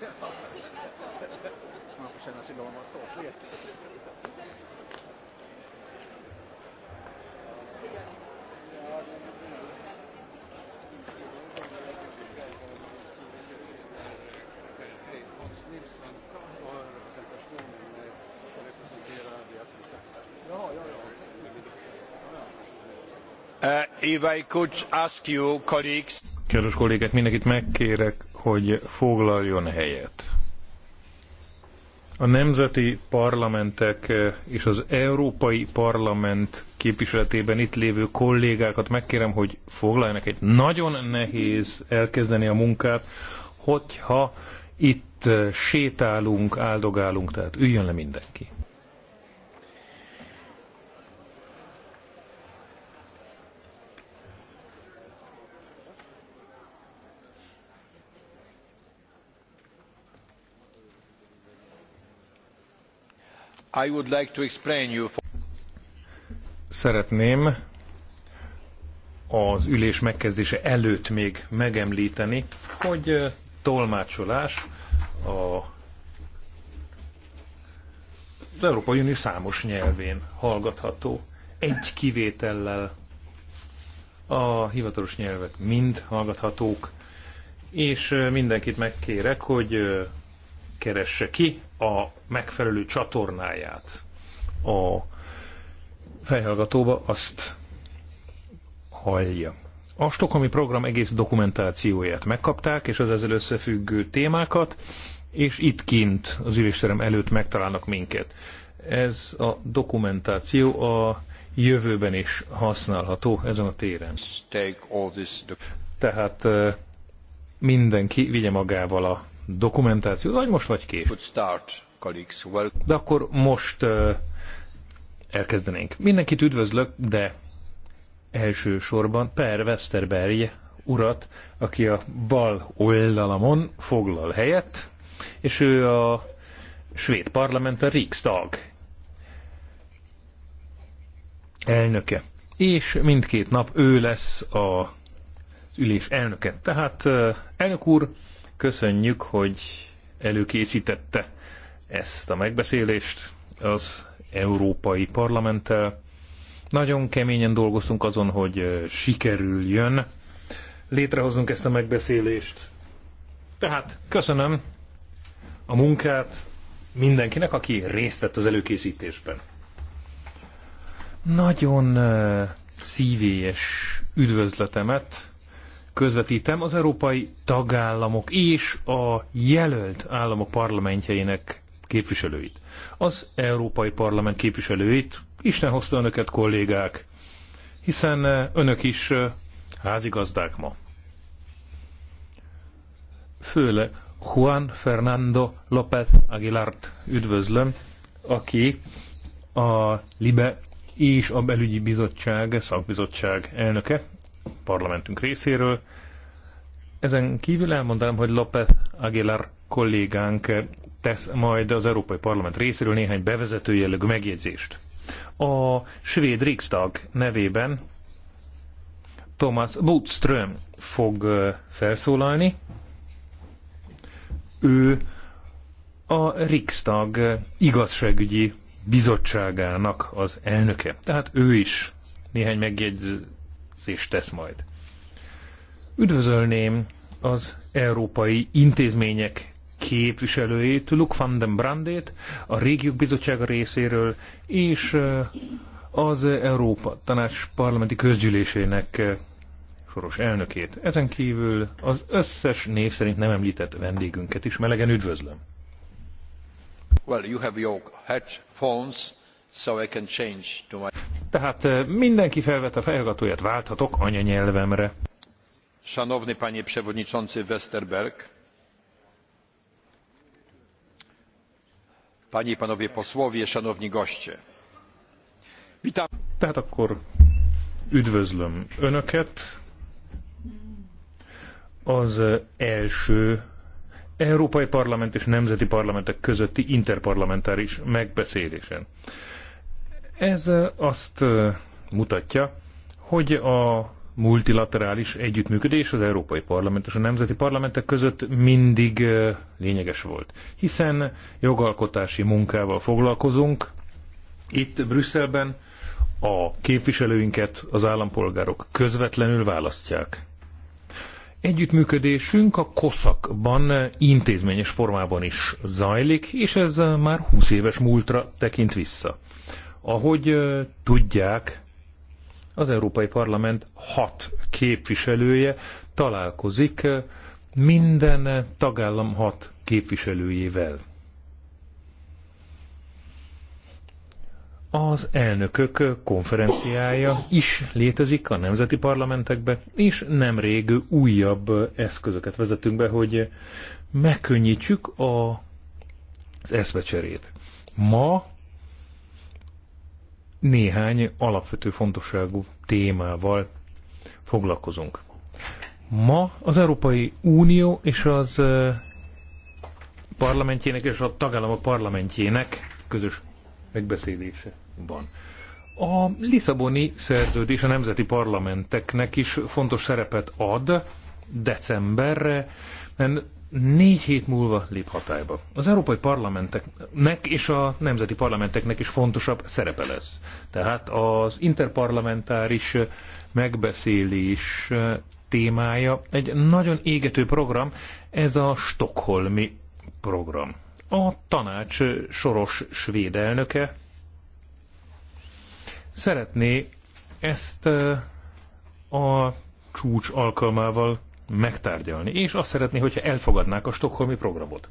Man får känna sig glad att If I could ask you, colleagues. Kedves kollégák, mindenkit megkérek hogy foglaljon helyet. A nemzeti parlamentek és az Európai Parlament képviseletében itt lévő kollégákat megkérem, hogy foglaljanak egy nagyon nehéz elkezdeni a munkát, hogyha itt sétálunk, áldogálunk, tehát üljön le mindenki. Szeretném az ülés megkezdése előtt még megemlíteni, hogy tolmácsolás a az Európai Unió számos nyelvén hallgatható, egy kivétellel a hivatalos nyelvek mind hallgathatók, és mindenkit megkérek, hogy keresse ki a megfelelő csatornáját a fejhallgatóba, azt hallja. A Stokholmi program egész dokumentációját megkapták, és az ezzel összefüggő témákat, és itt kint az ülésterem előtt megtalálnak minket. Ez a dokumentáció a jövőben is használható ezen a téren. Tehát mindenki vigye magával a dokumentáció, vagy most vagy kés. De akkor most uh, elkezdenénk. Mindenkit üdvözlök, de elsősorban Per Westerberg urat, aki a bal oldalamon foglal helyet, és ő a svéd parlament a Riksdag elnöke. És mindkét nap ő lesz a ülés elnöke. Tehát elnök úr, Köszönjük, hogy előkészítette ezt a megbeszélést az Európai Parlamenttel. Nagyon keményen dolgoztunk azon, hogy sikerüljön létrehozunk ezt a megbeszélést. Tehát köszönöm a munkát mindenkinek, aki részt vett az előkészítésben. Nagyon szívélyes üdvözletemet közvetítem, az európai tagállamok és a jelölt államok parlamentjeinek képviselőit. Az Európai Parlament képviselőit, Isten hozta önöket kollégák, hiszen eh, önök is eh, házigazdák ma. Főle Juan Fernando López Aguilart üdvözlöm, aki a LIBE és a belügyi bizottság, szakbizottság elnöke, parlamentünk részéről. Ezen kívül elmondanám, hogy López Aguilar kollégánk tesz majd az Európai Parlament részéről néhány bevezető jellegű megjegyzést. A svéd Riksdag nevében Thomas Bootström fog felszólalni. Ő a Riksdag igazságügyi bizottságának az elnöke. Tehát ő is néhány megjegyzést és tesz majd. Üdvözölném az európai intézmények képviselőjét, Luc van den Brandét, a Régiók Bizottsága részéről, és eh, az Európa Tanács Parlamenti Közgyűlésének eh, soros elnökét. Ezen kívül az összes név szerint nem említett vendégünket is melegen üdvözlöm. Well, you have your headphones, so I can change to my... Tehát eh, mindenki felvet a fejhallgatóját, válthatok anyanyelvemre. Szanowny panie przewodniczący Westerberg, panie i panowie posłowie, szanowni goście. Witam. Tehát akkor üdvözlöm Önöket az eh, első Európai Parlament és Nemzeti Parlamentek közötti interparlamentáris megbeszélésen. Ez azt mutatja, hogy a multilaterális együttműködés az Európai Parlament és a nemzeti parlamentek között mindig lényeges volt. Hiszen jogalkotási munkával foglalkozunk, itt Brüsszelben a képviselőinket az állampolgárok közvetlenül választják. Együttműködésünk a koszakban intézményes formában is zajlik, és ez már 20 éves múltra tekint vissza. Ahogy tudják, az Európai Parlament hat képviselője találkozik minden tagállam hat képviselőjével. Az elnökök konferenciája is létezik a nemzeti parlamentekbe, és nemrég újabb eszközöket vezetünk be, hogy megkönnyítsük a, az eszvecserét. Ma néhány alapvető fontosságú témával foglalkozunk. Ma az Európai Unió és az parlamentjének és a tagállamok parlamentjének közös megbeszélése van. A Lisszaboni szerződés a nemzeti parlamenteknek is fontos szerepet ad decemberre, mert négy hét múlva lép hatályba. Az európai parlamenteknek és a nemzeti parlamenteknek is fontosabb szerepe lesz. Tehát az interparlamentáris megbeszélés témája egy nagyon égető program, ez a Stockholmi program. A tanács soros svéd elnöke szeretné ezt a csúcs alkalmával megtárgyalni, és azt szeretné, hogyha elfogadnák a stokholmi programot.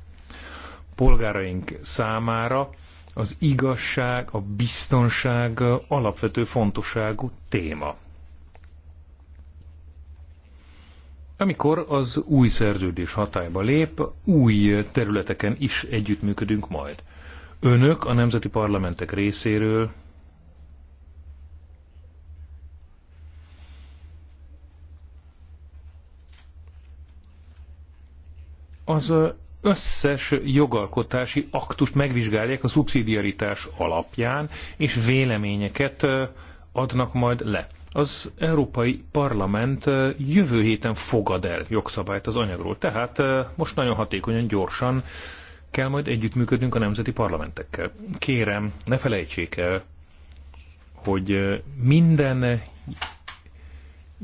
Polgáraink számára az igazság, a biztonság alapvető fontosságú téma. Amikor az új szerződés hatályba lép, új területeken is együttműködünk majd. Önök a nemzeti parlamentek részéről az összes jogalkotási aktust megvizsgálják a szubszidiaritás alapján, és véleményeket adnak majd le. Az Európai Parlament jövő héten fogad el jogszabályt az anyagról, tehát most nagyon hatékonyan, gyorsan kell majd együttműködnünk a nemzeti parlamentekkel. Kérem, ne felejtsék el, hogy minden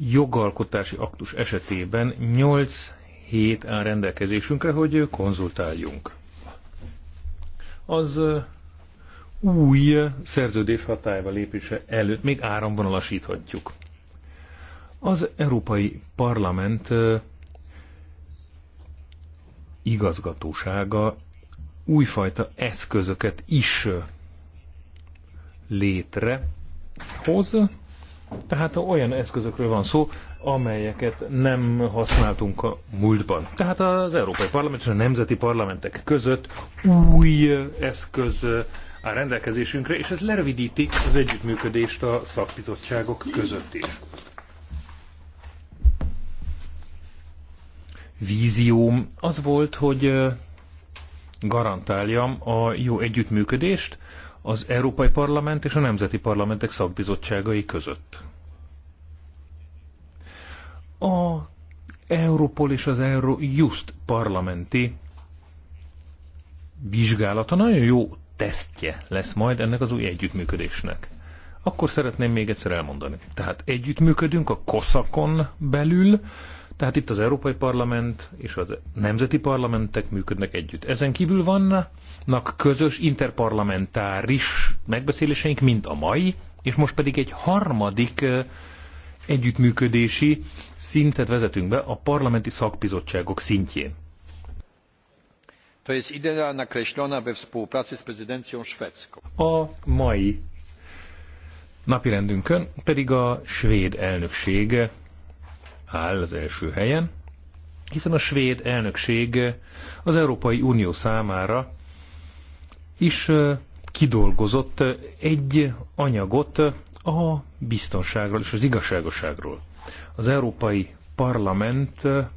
jogalkotási aktus esetében 8 hét áll rendelkezésünkre, hogy konzultáljunk. Az új szerződés hatályba lépése előtt még áramvonalasíthatjuk. Az Európai Parlament igazgatósága újfajta eszközöket is létrehoz, tehát olyan eszközökről van szó, amelyeket nem használtunk a múltban. Tehát az Európai Parlament és a nemzeti parlamentek között új eszköz a rendelkezésünkre, és ez lerövidíti az együttműködést a szakbizottságok között is. Vízióm az volt, hogy garantáljam a jó együttműködést az Európai Parlament és a Nemzeti Parlamentek szakbizottságai között. A Europol és az Eurojust parlamenti vizsgálata nagyon jó tesztje lesz majd ennek az új együttműködésnek. Akkor szeretném még egyszer elmondani. Tehát együttműködünk a koszakon belül, tehát itt az Európai Parlament és az nemzeti parlamentek működnek együtt. Ezen kívül vannak közös interparlamentáris megbeszéléseink, mint a mai, és most pedig egy harmadik együttműködési szintet vezetünk be a parlamenti szakbizottságok szintjén. A mai napirendünkön pedig a svéd elnökség áll az első helyen, hiszen a svéd elnökség az Európai Unió számára is kidolgozott egy anyagot a biztonságról és az igazságosságról. Az Európai Parlament eh,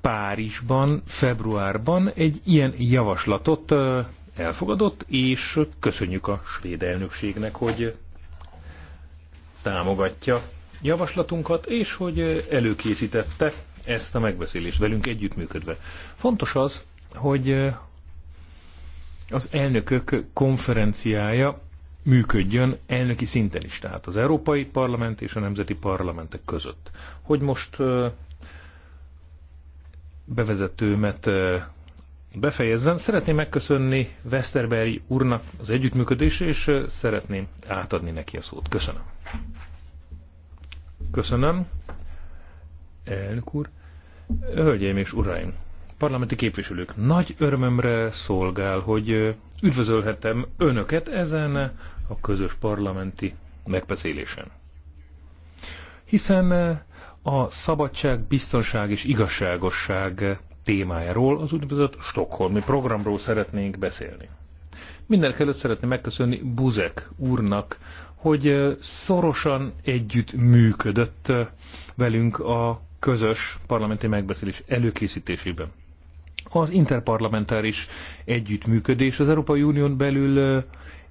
Párizsban, februárban egy ilyen javaslatot eh, elfogadott, és köszönjük a svéd elnökségnek, hogy támogatja javaslatunkat, és hogy eh, előkészítette ezt a megbeszélést velünk együttműködve. Fontos az, hogy az elnökök konferenciája működjön elnöki szinten is, tehát az Európai Parlament és a Nemzeti Parlamentek között. Hogy most bevezetőmet befejezzem, szeretném megköszönni Westerberg úrnak az együttműködés, és szeretném átadni neki a szót. Köszönöm. Köszönöm. Elnök úr. Hölgyeim és uraim, parlamenti képviselők, nagy örömömre szolgál, hogy üdvözölhetem önöket ezen a közös parlamenti megbeszélésen. Hiszen eh, a szabadság, biztonság és igazságosság témájáról, az úgynevezett Stockholmi programról szeretnénk beszélni. Mindenek előtt szeretném megköszönni Buzek úrnak, hogy eh, szorosan együtt működött eh, velünk a közös parlamenti megbeszélés előkészítésében. Az interparlamentáris együttműködés az Európai Unión belül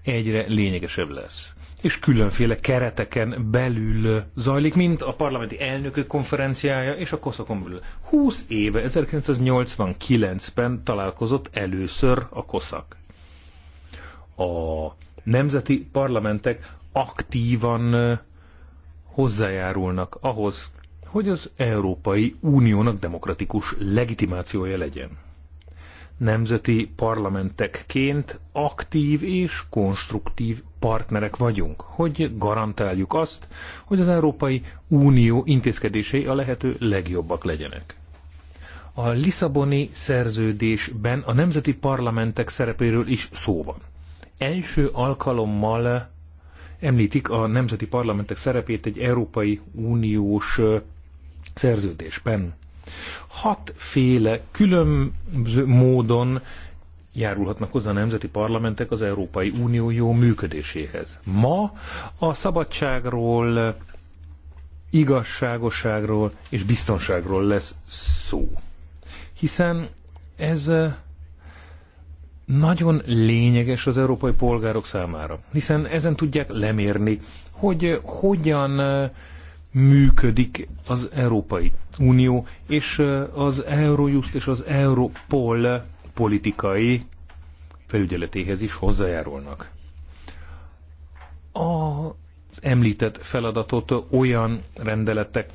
egyre lényegesebb lesz és különféle kereteken belül zajlik, mint a parlamenti elnökök konferenciája és a koszokon belül. 20 éve, 1989-ben találkozott először a koszak. A nemzeti parlamentek aktívan hozzájárulnak ahhoz, hogy az Európai Uniónak demokratikus legitimációja legyen nemzeti parlamentekként aktív és konstruktív partnerek vagyunk, hogy garantáljuk azt, hogy az Európai Unió intézkedései a lehető legjobbak legyenek. A Lisszaboni szerződésben a nemzeti parlamentek szerepéről is szó van. Első alkalommal említik a nemzeti parlamentek szerepét egy Európai Uniós szerződésben. Hatféle különböző módon járulhatnak hozzá a nemzeti parlamentek az Európai Unió jó működéséhez. Ma a szabadságról, igazságosságról és biztonságról lesz szó. Hiszen ez nagyon lényeges az európai polgárok számára, hiszen ezen tudják lemérni, hogy hogyan működik az Európai Unió, és az Eurojust és az Europol politikai felügyeletéhez is hozzájárulnak. Az említett feladatot olyan rendeletek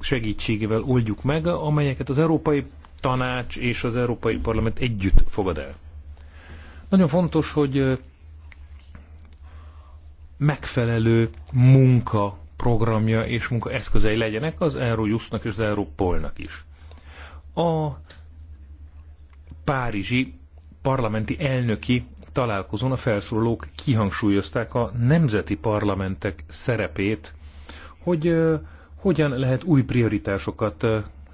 segítségével oldjuk meg, amelyeket az Európai Tanács és az Európai Parlament együtt fogad el. Nagyon fontos, hogy megfelelő munka programja és munkaeszközei legyenek az Eurojustnak és az Europolnak is. A párizsi parlamenti elnöki találkozón a felszólalók kihangsúlyozták a nemzeti parlamentek szerepét, hogy hogyan lehet új prioritásokat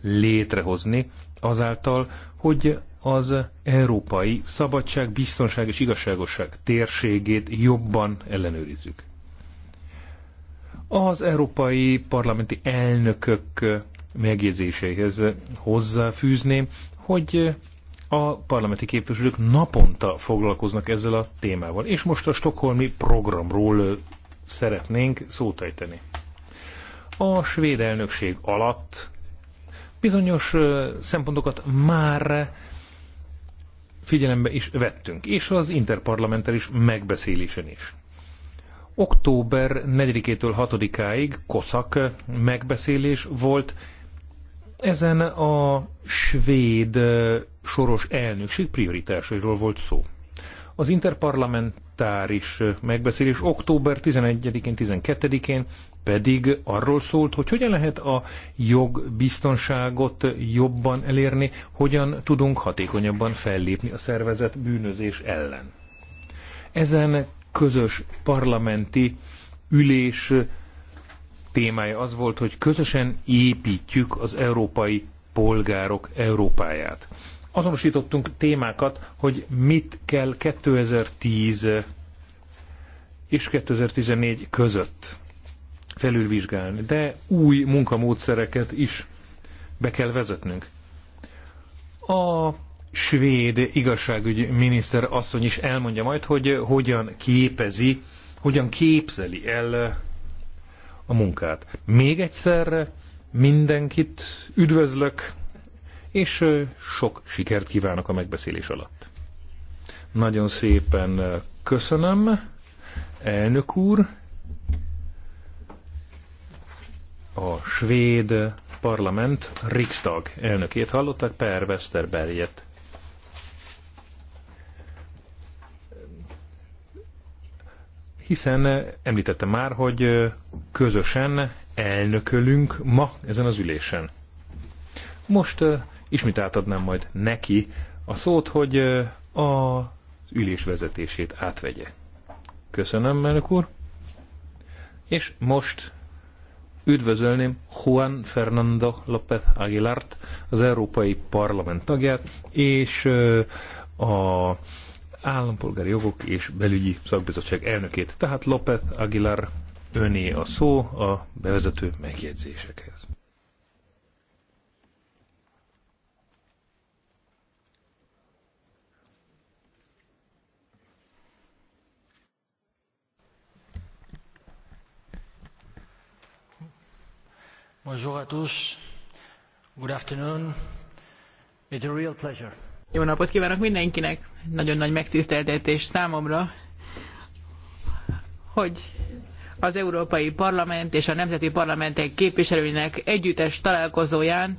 létrehozni azáltal, hogy az európai szabadság, biztonság és igazságosság térségét jobban ellenőrizzük az európai parlamenti elnökök megjegyzéseihez hozzáfűzném, hogy a parlamenti képviselők naponta foglalkoznak ezzel a témával. És most a stokholmi programról szeretnénk szót ejteni. A svéd elnökség alatt bizonyos szempontokat már figyelembe is vettünk, és az interparlamentális megbeszélésen is. Október 4-től 6-áig koszak megbeszélés volt. Ezen a svéd soros elnökség prioritásairól volt szó. Az interparlamentáris megbeszélés október 11-én, 12-én pedig arról szólt, hogy hogyan lehet a jogbiztonságot jobban elérni, hogyan tudunk hatékonyabban fellépni a szervezet bűnözés ellen. Ezen közös parlamenti ülés témája az volt, hogy közösen építjük az európai polgárok Európáját. Azonosítottunk témákat, hogy mit kell 2010 és 2014 között felülvizsgálni, de új munkamódszereket is be kell vezetnünk. A svéd igazságügyi miniszter asszony is elmondja majd, hogy hogyan képezi, hogyan képzeli el a munkát. Még egyszer mindenkit üdvözlök, és sok sikert kívánok a megbeszélés alatt. Nagyon szépen köszönöm, elnök úr, a svéd parlament Riksdag elnökét hallották, Per Westerberget. hiszen eh, említette már, hogy eh, közösen elnökölünk ma ezen az ülésen. Most eh, ismét átadnám majd neki a szót, hogy a ülés vezetését átvegye. Köszönöm, elnök úr. És most üdvözölném Juan Fernando López Aguilart, az Európai Parlament tagját, és a állampolgári jogok és belügyi szakbizottság elnökét. Tehát López Aguilar öné a szó a bevezető megjegyzésekhez. Bonjour à tous. Good afternoon. It's a real pleasure. Jó napot kívánok mindenkinek! Nagyon nagy megtiszteltetés számomra, hogy az Európai Parlament és a Nemzeti Parlamentek képviselőinek együttes találkozóján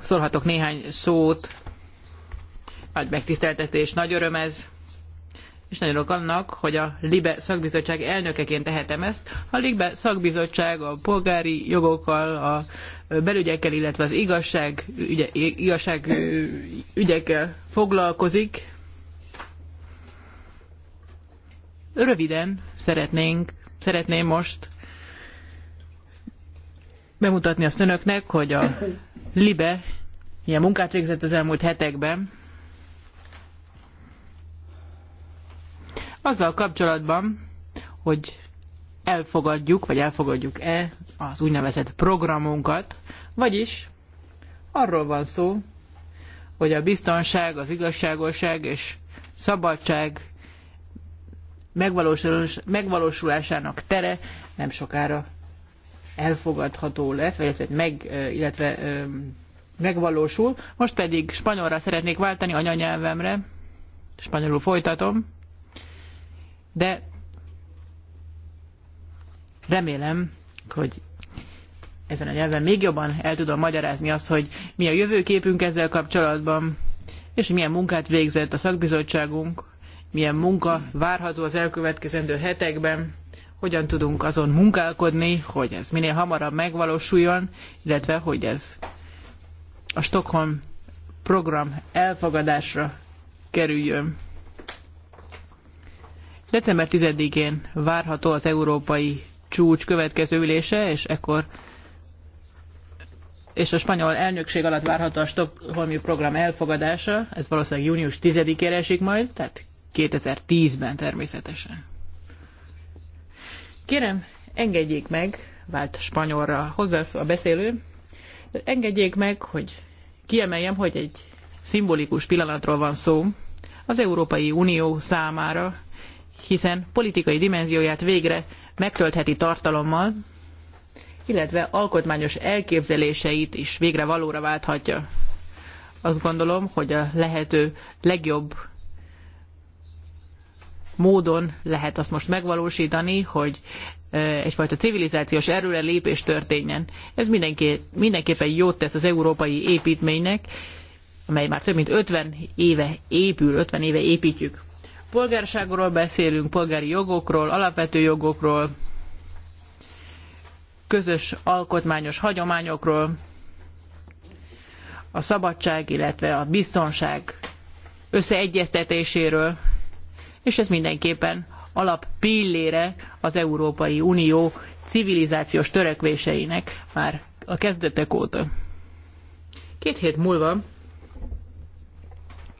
szólhatok néhány szót. Nagy megtiszteltetés, nagy öröm ez és nagyon örülök annak, hogy a LIBE szakbizottság elnökeként tehetem ezt. A LIBE szakbizottság a polgári jogokkal, a belügyekkel, illetve az igazság, ügye, igazság ügyekkel foglalkozik. Röviden szeretnénk, szeretném most bemutatni azt önöknek, hogy a LIBE milyen munkát végzett az elmúlt hetekben, azzal kapcsolatban, hogy elfogadjuk, vagy elfogadjuk-e az úgynevezett programunkat, vagyis arról van szó, hogy a biztonság, az igazságosság és szabadság megvalósulásának tere nem sokára elfogadható lesz, illetve, meg, illetve megvalósul. Most pedig spanyolra szeretnék váltani anyanyelvemre. Spanyolul folytatom de remélem, hogy ezen a nyelven még jobban el tudom magyarázni azt, hogy mi a jövőképünk ezzel kapcsolatban, és milyen munkát végzett a szakbizottságunk, milyen munka várható az elkövetkezendő hetekben, hogyan tudunk azon munkálkodni, hogy ez minél hamarabb megvalósuljon, illetve hogy ez a Stockholm program elfogadásra kerüljön. December 10-én várható az európai csúcs következő ülése, és ekkor és a spanyol elnökség alatt várható a Stockholmi program elfogadása, ez valószínűleg június 10-ére esik majd, tehát 2010-ben természetesen. Kérem, engedjék meg, vált spanyolra hozzász a beszélő, engedjék meg, hogy kiemeljem, hogy egy szimbolikus pillanatról van szó az Európai Unió számára, hiszen politikai dimenzióját végre megtöltheti tartalommal, illetve alkotmányos elképzeléseit is végre valóra válthatja. Azt gondolom, hogy a lehető legjobb módon lehet azt most megvalósítani, hogy egyfajta civilizációs erőre lépés történjen. Ez mindenki, mindenképpen jót tesz az európai építménynek, amely már több mint 50 éve épül, 50 éve építjük polgárságról beszélünk, polgári jogokról, alapvető jogokról, közös alkotmányos hagyományokról, a szabadság, illetve a biztonság összeegyeztetéséről, és ez mindenképpen alap pillére az Európai Unió civilizációs törekvéseinek már a kezdetek óta. Két hét múlva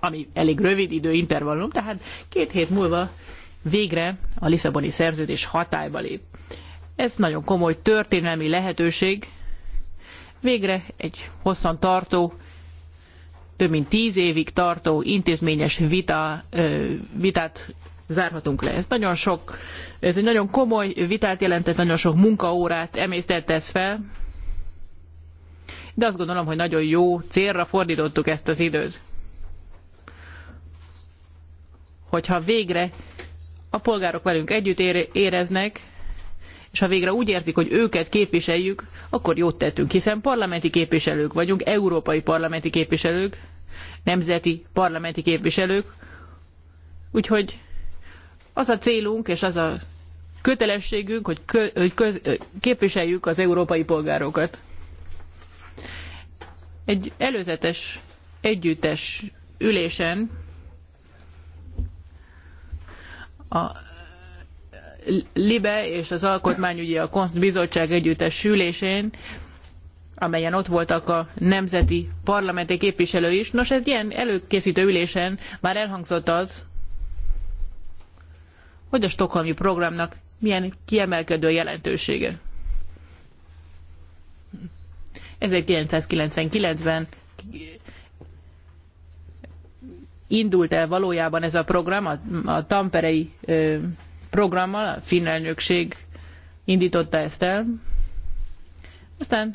ami elég rövid idő intervallum, tehát két hét múlva végre a Lisszaboni szerződés hatályba lép. Ez nagyon komoly történelmi lehetőség. Végre egy hosszan tartó, több mint tíz évig tartó intézményes vita, vitát zárhatunk le. Ez nagyon sok, ez egy nagyon komoly vitát jelentett, nagyon sok munkaórát emésztette ez fel, de azt gondolom, hogy nagyon jó célra fordítottuk ezt az időt hogyha végre a polgárok velünk együtt éreznek, és ha végre úgy érzik, hogy őket képviseljük, akkor jót tettünk, hiszen parlamenti képviselők vagyunk, európai parlamenti képviselők, nemzeti parlamenti képviselők, úgyhogy az a célunk és az a kötelességünk, hogy, kö, hogy köz, képviseljük az európai polgárokat. Egy előzetes, együttes ülésen a LIBE és az Alkotmányügyi a Konst Bizottság együttes ülésén amelyen ott voltak a nemzeti parlamenti képviselői is. Nos, egy ilyen előkészítő ülésen már elhangzott az, hogy a stokholmi programnak milyen kiemelkedő jelentősége. 1999-ben indult el valójában ez a program, a, a tamperei ö, programmal, a finn elnökség indította ezt el. Aztán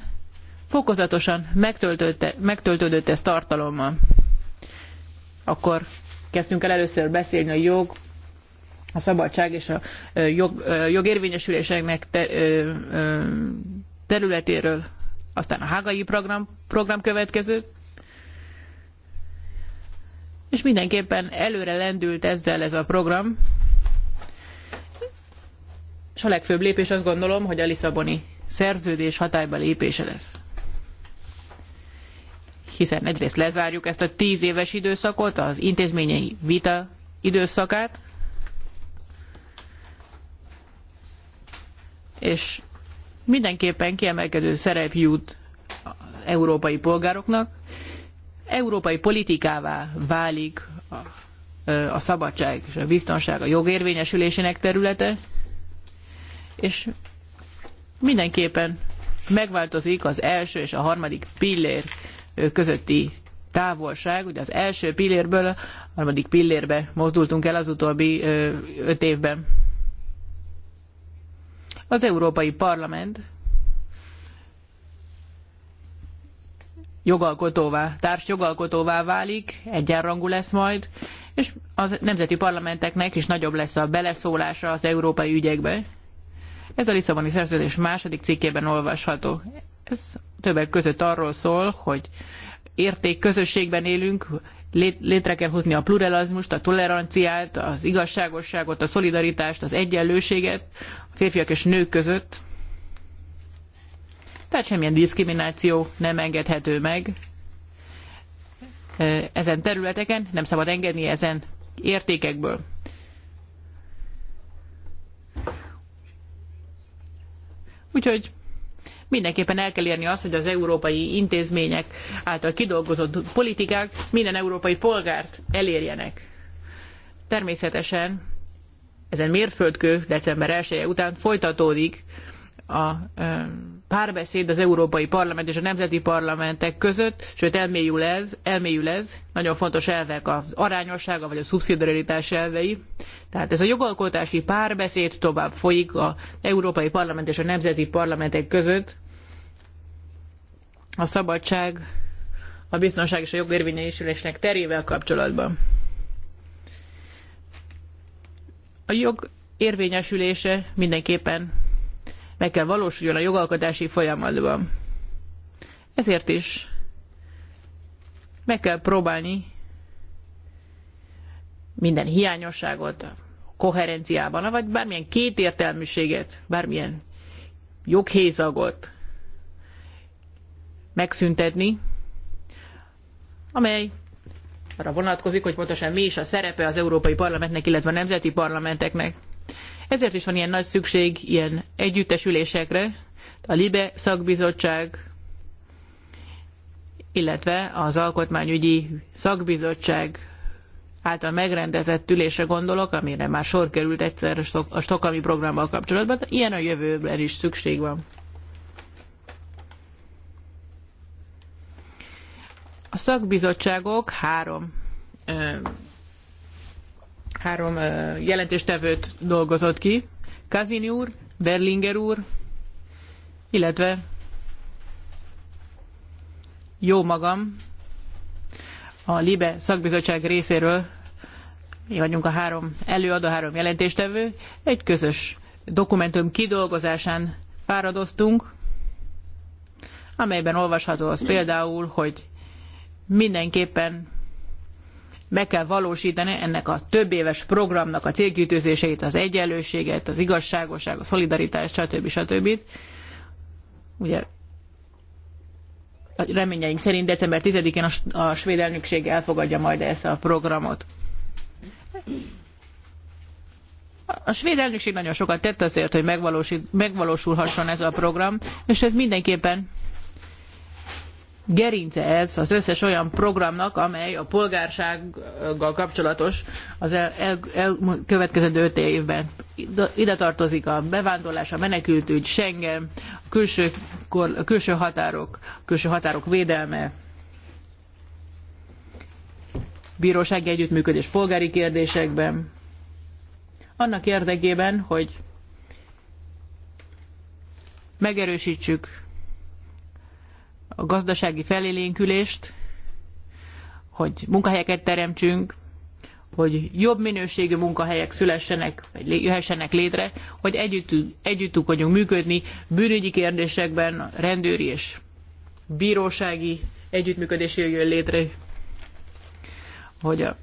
fokozatosan megtöltődött ez tartalommal. Akkor kezdtünk el először beszélni a jog, a szabadság és a jog, jogérvényesüléseknek te, területéről. Aztán a hágai program, program következő, és mindenképpen előre lendült ezzel ez a program. És a legfőbb lépés azt gondolom, hogy a Lisszaboni szerződés hatályba lépése lesz. Hiszen egyrészt lezárjuk ezt a tíz éves időszakot, az intézményei vita időszakát, és mindenképpen kiemelkedő szerep jut az európai polgároknak, európai politikává válik a, a szabadság és a biztonság a jogérvényesülésének területe, és mindenképpen megváltozik az első és a harmadik pillér közötti távolság. Ugye az első pillérből a harmadik pillérbe mozdultunk el az utóbbi öt évben. Az Európai Parlament jogalkotóvá, társjogalkotóvá válik, egyenrangú lesz majd, és a nemzeti parlamenteknek is nagyobb lesz a beleszólása az európai ügyekbe. Ez a Lisszaboni szerződés második cikkében olvasható. Ez többek között arról szól, hogy érték közösségben élünk, létre kell hozni a pluralizmust, a toleranciát, az igazságosságot, a szolidaritást, az egyenlőséget a férfiak és nők között tehát semmilyen diszkrimináció nem engedhető meg ezen területeken, nem szabad engedni ezen értékekből. Úgyhogy mindenképpen el kell érni azt, hogy az európai intézmények által kidolgozott politikák minden európai polgárt elérjenek. Természetesen ezen mérföldkő december 1 -e után folytatódik a párbeszéd az Európai Parlament és a nemzeti parlamentek között, sőt elmélyül ez, elmélyül ez nagyon fontos elvek az arányossága vagy a szubszidiaritás elvei. Tehát ez a jogalkotási párbeszéd tovább folyik az Európai Parlament és a nemzeti parlamentek között. A szabadság, a biztonság és a jogérvényesülésnek terével kapcsolatban. A jog érvényesülése mindenképpen meg kell valósuljon a jogalkotási folyamatban. Ezért is meg kell próbálni minden hiányosságot a koherenciában, vagy bármilyen kétértelműséget, bármilyen joghézagot megszüntetni, amely arra vonatkozik, hogy pontosan mi is a szerepe az Európai Parlamentnek, illetve a nemzeti parlamenteknek. Ezért is van ilyen nagy szükség ilyen együttesülésekre, a LIBE szakbizottság, illetve az alkotmányügyi szakbizottság által megrendezett ülésre gondolok, amire már sor került egyszer a stokami programmal kapcsolatban, ilyen a jövőben is szükség van. A szakbizottságok három három jelentéstevőt dolgozott ki. Kazini úr, Berlinger úr, illetve jó magam, a LIBE szakbizottság részéről mi vagyunk a három előadó, három jelentéstevő, egy közös dokumentum kidolgozásán fáradoztunk, amelyben olvasható az például, hogy mindenképpen meg kell valósítani ennek a több éves programnak a célkütőzéseit, az egyenlőséget, az igazságosság, a szolidaritást, stb. stb. Ugye reményeink szerint december 10-én a, a svéd elnökség elfogadja majd ezt a programot. A svéd elnökség nagyon sokat tett azért, hogy megvalósulhasson ez a program, és ez mindenképpen gerince ez az összes olyan programnak, amely a polgársággal kapcsolatos az elkövetkezendő el, el öt évben. Ide tartozik a bevándorlás, a menekültügy, Schengen, a külső, a külső határok, a külső határok védelme, bírósági együttműködés polgári kérdésekben, annak érdekében, hogy megerősítsük a gazdasági felélénkülést, hogy munkahelyeket teremtsünk, hogy jobb minőségű munkahelyek szülessenek, vagy jöhessenek létre, hogy együtt, együtt tudjunk működni bűnügyi kérdésekben, rendőri és bírósági együttműködés jöjjön létre, hogy a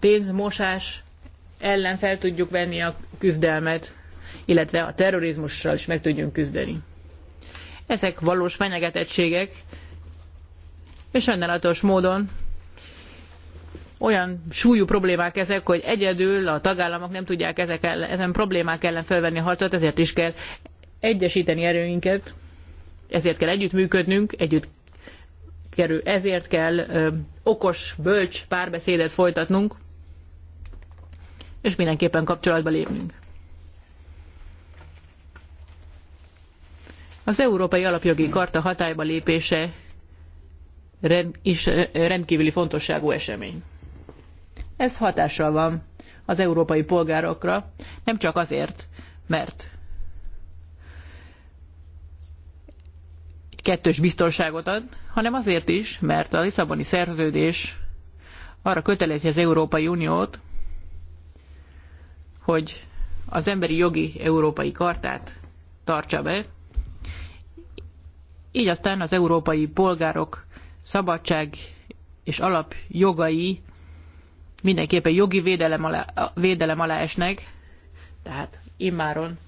pénzmosás ellen fel tudjuk venni a küzdelmet, illetve a terrorizmussal is meg tudjunk küzdeni. Ezek valós fenyegetettségek, és sajnálatos módon olyan súlyú problémák ezek, hogy egyedül a tagállamok nem tudják ezek ellen, ezen problémák ellen felvenni a harcot, ezért is kell egyesíteni erőinket, ezért kell együttműködnünk, együtt kerül, ezért kell ö, okos, bölcs párbeszédet folytatnunk, és mindenképpen kapcsolatba lépnünk. Az Európai Alapjogi Karta hatályba lépése is rendkívüli fontosságú esemény. Ez hatással van az európai polgárokra, nem csak azért, mert kettős biztonságot ad, hanem azért is, mert a Lisszaboni szerződés arra kötelezi az Európai Uniót, hogy az emberi jogi európai kartát tartsa be, így aztán az európai polgárok szabadság és alapjogai mindenképpen jogi védelem alá, védelem alá esnek, tehát immáron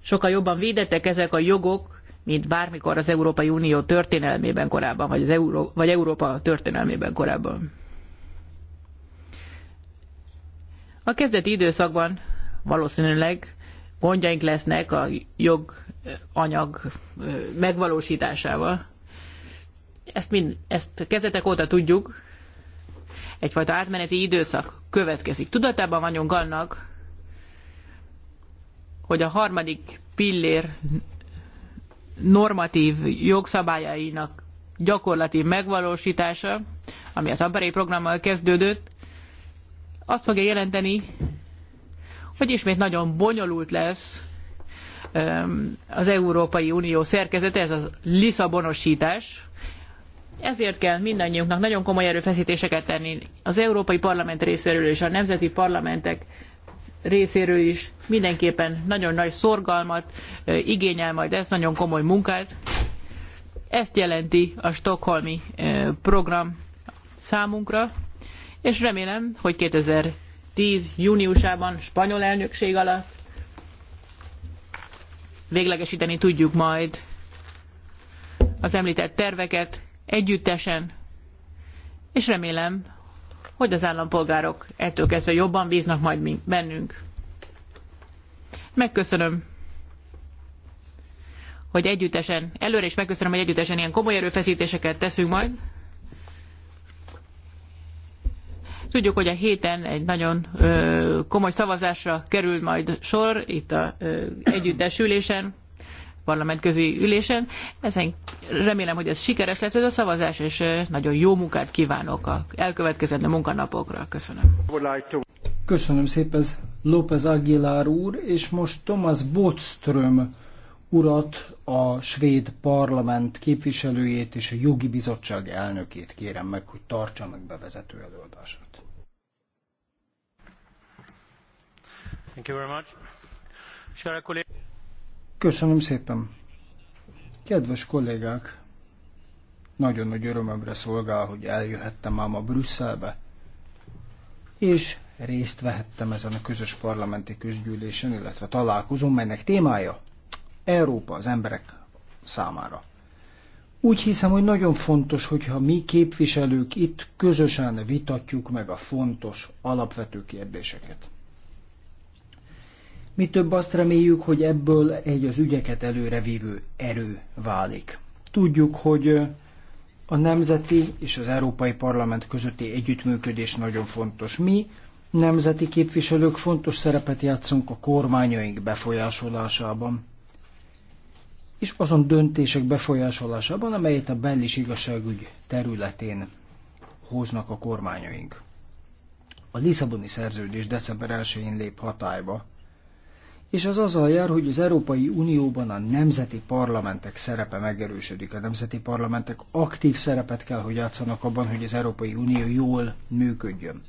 sokkal jobban védettek ezek a jogok, mint bármikor az Európai Unió történelmében korábban, vagy, az Euró- vagy Európa történelmében korábban. A kezdeti időszakban valószínűleg gondjaink lesznek a joganyag megvalósításával. Ezt, mind, ezt kezdetek óta tudjuk, egyfajta átmeneti időszak következik. Tudatában vagyunk annak, hogy a harmadik pillér normatív jogszabályainak gyakorlati megvalósítása, ami a Tamperei programmal kezdődött, azt fogja jelenteni, hogy ismét nagyon bonyolult lesz az Európai Unió szerkezete, ez a Lisszabonosítás. Ezért kell mindannyiunknak nagyon komoly erőfeszítéseket tenni az Európai Parlament részéről és a nemzeti parlamentek részéről is. Mindenképpen nagyon nagy szorgalmat igényel majd ez, nagyon komoly munkát. Ezt jelenti a Stockholmi program számunkra, és remélem, hogy 2000 2010. júniusában spanyol elnökség alatt. Véglegesíteni tudjuk majd az említett terveket együttesen, és remélem, hogy az állampolgárok ettől kezdve jobban bíznak majd bennünk. Megköszönöm, hogy együttesen, előre is megköszönöm, hogy együttesen ilyen komoly erőfeszítéseket teszünk majd. Tudjuk, hogy a héten egy nagyon ö, komoly szavazásra kerül majd sor itt a ö, együttes ülésen, parlamentközi ülésen. Ezen remélem, hogy ez sikeres lesz ez a szavazás, és nagyon jó munkát kívánok a elkövetkezendő munkanapokra. Köszönöm. Köszönöm szépen López Aguilar úr, és most Thomas Botström urat, a svéd parlament képviselőjét és a jogi bizottság elnökét kérem meg, hogy tartsa meg bevezető előadását. Köszönöm szépen. Kedves kollégák, nagyon nagy örömömre szolgál, hogy eljöhettem ám a Brüsszelbe, és részt vehettem ezen a közös parlamenti közgyűlésen, illetve találkozón, melynek témája Európa az emberek számára. Úgy hiszem, hogy nagyon fontos, hogyha mi képviselők itt közösen vitatjuk meg a fontos, alapvető kérdéseket. Mi több azt reméljük, hogy ebből egy az ügyeket előrevívő erő válik. Tudjuk, hogy a nemzeti és az Európai Parlament közötti együttműködés nagyon fontos. Mi, nemzeti képviselők fontos szerepet játszunk a kormányaink befolyásolásában, és azon döntések befolyásolásában, amelyet a bellis igazságügy területén hoznak a kormányaink. A Lisszaboni szerződés december 1-én lép hatályba, és az azzal jár, hogy az Európai Unióban a nemzeti parlamentek szerepe megerősödik. A nemzeti parlamentek aktív szerepet kell, hogy játszanak abban, hogy az Európai Unió jól működjön.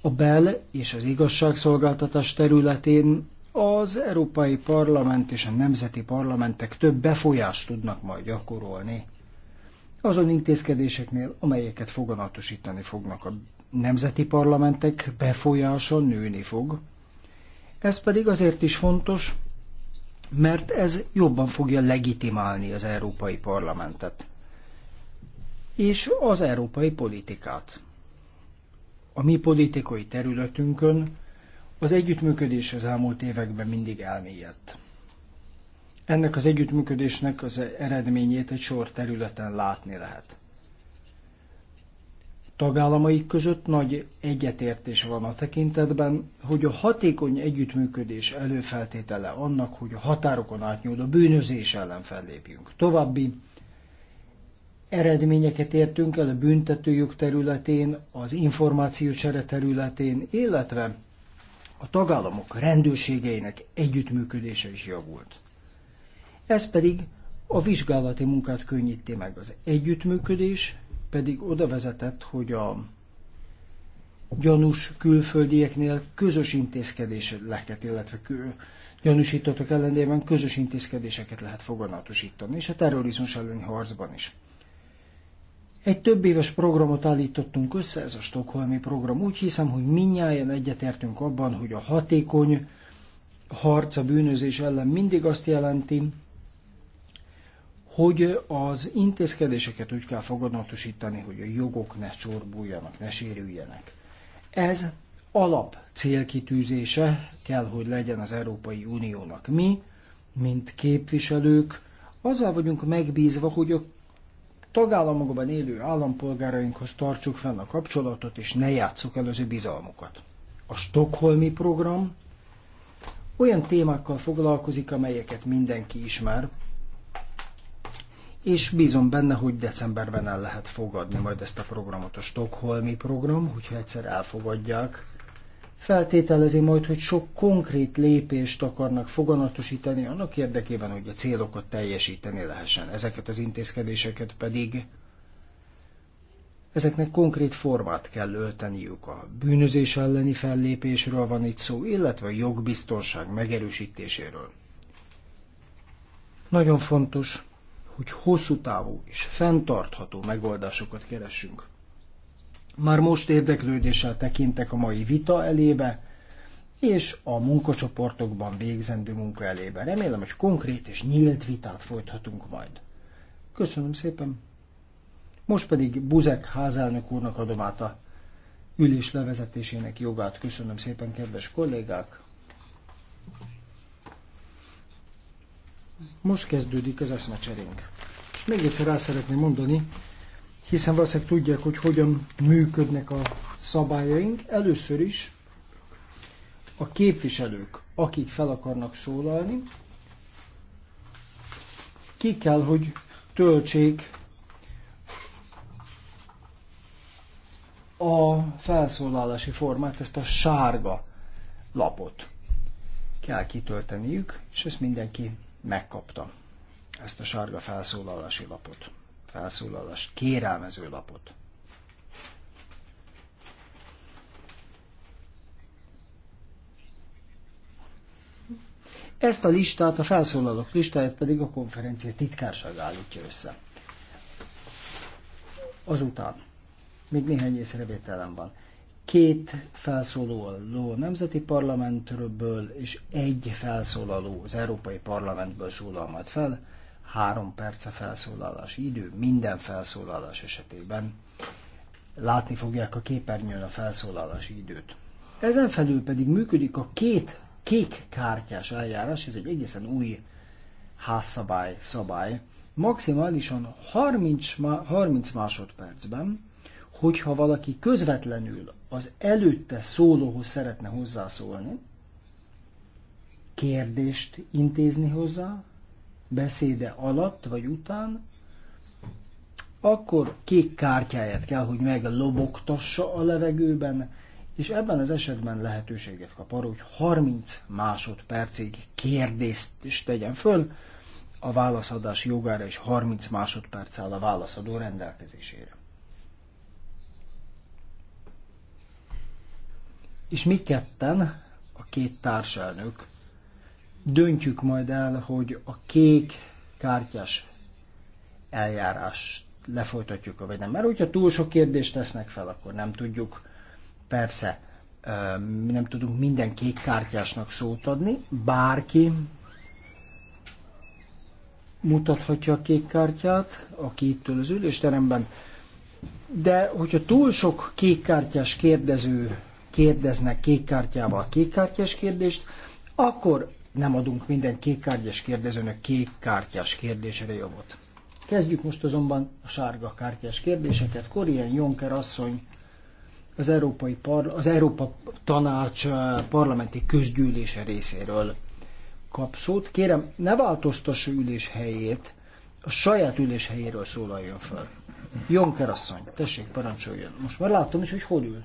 A bel és az igazságszolgáltatás területén az Európai Parlament és a nemzeti parlamentek több befolyást tudnak majd gyakorolni azon intézkedéseknél, amelyeket foganatosítani fognak a nemzeti parlamentek befolyása nőni fog, ez pedig azért is fontos, mert ez jobban fogja legitimálni az Európai Parlamentet és az európai politikát. A mi politikai területünkön az együttműködés az elmúlt években mindig elmélyedt. Ennek az együttműködésnek az eredményét egy sor területen látni lehet tagállamaik között nagy egyetértés van a tekintetben, hogy a hatékony együttműködés előfeltétele annak, hogy a határokon átnyúló bűnözés ellen fellépjünk. További eredményeket értünk el a büntetőjog területén, az információcsere területén, illetve a tagállamok rendőrségeinek együttműködése is javult. Ez pedig a vizsgálati munkát könnyíti meg az együttműködés, pedig oda vezetett, hogy a gyanús külföldieknél közös intézkedéseket, illetve kül, gyanúsítottak ellenében közös intézkedéseket lehet foganatosítani, és a terrorizmus elleni harcban is. Egy több éves programot állítottunk össze, ez a stokholmi program. Úgy hiszem, hogy minnyáján egyetértünk abban, hogy a hatékony harc a bűnözés ellen mindig azt jelenti, hogy az intézkedéseket úgy kell fogadatosítani, hogy a jogok ne csorbuljanak, ne sérüljenek. Ez alap célkitűzése kell, hogy legyen az Európai Uniónak. Mi, mint képviselők, azzal vagyunk megbízva, hogy a tagállamokban élő állampolgárainkhoz tartsuk fenn a kapcsolatot, és ne játsszuk el az ő bizalmukat. A Stockholmi program olyan témákkal foglalkozik, amelyeket mindenki ismer, és bízom benne, hogy decemberben el lehet fogadni majd ezt a programot, a Stockholmi program, hogyha egyszer elfogadják. Feltételezi majd, hogy sok konkrét lépést akarnak foganatosítani annak érdekében, hogy a célokat teljesíteni lehessen. Ezeket az intézkedéseket pedig Ezeknek konkrét formát kell ölteniük. A bűnözés elleni fellépésről van itt szó, illetve a jogbiztonság megerősítéséről. Nagyon fontos, hogy hosszú távú és fenntartható megoldásokat keresünk. Már most érdeklődéssel tekintek a mai vita elébe, és a munkacsoportokban végzendő munka elébe. Remélem, hogy konkrét és nyílt vitát folytatunk majd. Köszönöm szépen. Most pedig Buzek házelnök úrnak adom át a ülés levezetésének jogát. Köszönöm szépen, kedves kollégák! Most kezdődik az eszmecserénk. És még egyszer rá szeretném mondani, hiszen valószínűleg tudják, hogy hogyan működnek a szabályaink. Először is a képviselők, akik fel akarnak szólalni, ki kell, hogy töltsék a felszólalási formát, ezt a sárga lapot kell kitölteniük, és ezt mindenki megkapta ezt a sárga felszólalási lapot, felszólalást kérelmező lapot. Ezt a listát, a felszólalók listáját pedig a konferencia titkárság állítja össze. Azután még néhány észrevételem van két felszólaló a Nemzeti Parlamentről, és egy felszólaló az Európai Parlamentből szólal majd fel, három perce felszólalás idő minden felszólalás esetében. Látni fogják a képernyőn a felszólalási időt. Ezen felül pedig működik a két kék kártyás eljárás, ez egy egészen új házszabály szabály. Maximálisan 30, 30 másodpercben hogyha valaki közvetlenül az előtte szólóhoz szeretne hozzászólni, kérdést intézni hozzá, beszéde alatt vagy után, akkor kék kártyáját kell, hogy meglobogtassa a levegőben, és ebben az esetben lehetőséget kap arra, hogy 30 másodpercig kérdést is tegyen föl, a válaszadás jogára és 30 másodperc áll a válaszadó rendelkezésére. és mi ketten, a két társelnök, döntjük majd el, hogy a kék kártyás eljárás lefolytatjuk, vagy nem. Mert hogyha túl sok kérdést tesznek fel, akkor nem tudjuk, persze, nem tudunk minden kék kártyásnak szót adni, bárki mutathatja a kék kártyát, aki itt ül az ülésteremben, de hogyha túl sok kék kártyás kérdező kérdeznek kékkártyával kékkártyás kérdést, akkor nem adunk minden kékkártyás kérdezőnek kékkártyás kérdésre jogot. Kezdjük most azonban a sárga kártyás kérdéseket. Korian Jonker asszony az, Európai Parla- az Európa Tanács eh, parlamenti közgyűlése részéről kap szót. Kérem, ne változtassa ülés helyét, a saját ülés helyéről szólaljon fel. Jonker asszony, tessék, parancsoljon. Most már látom is, hogy hol ül.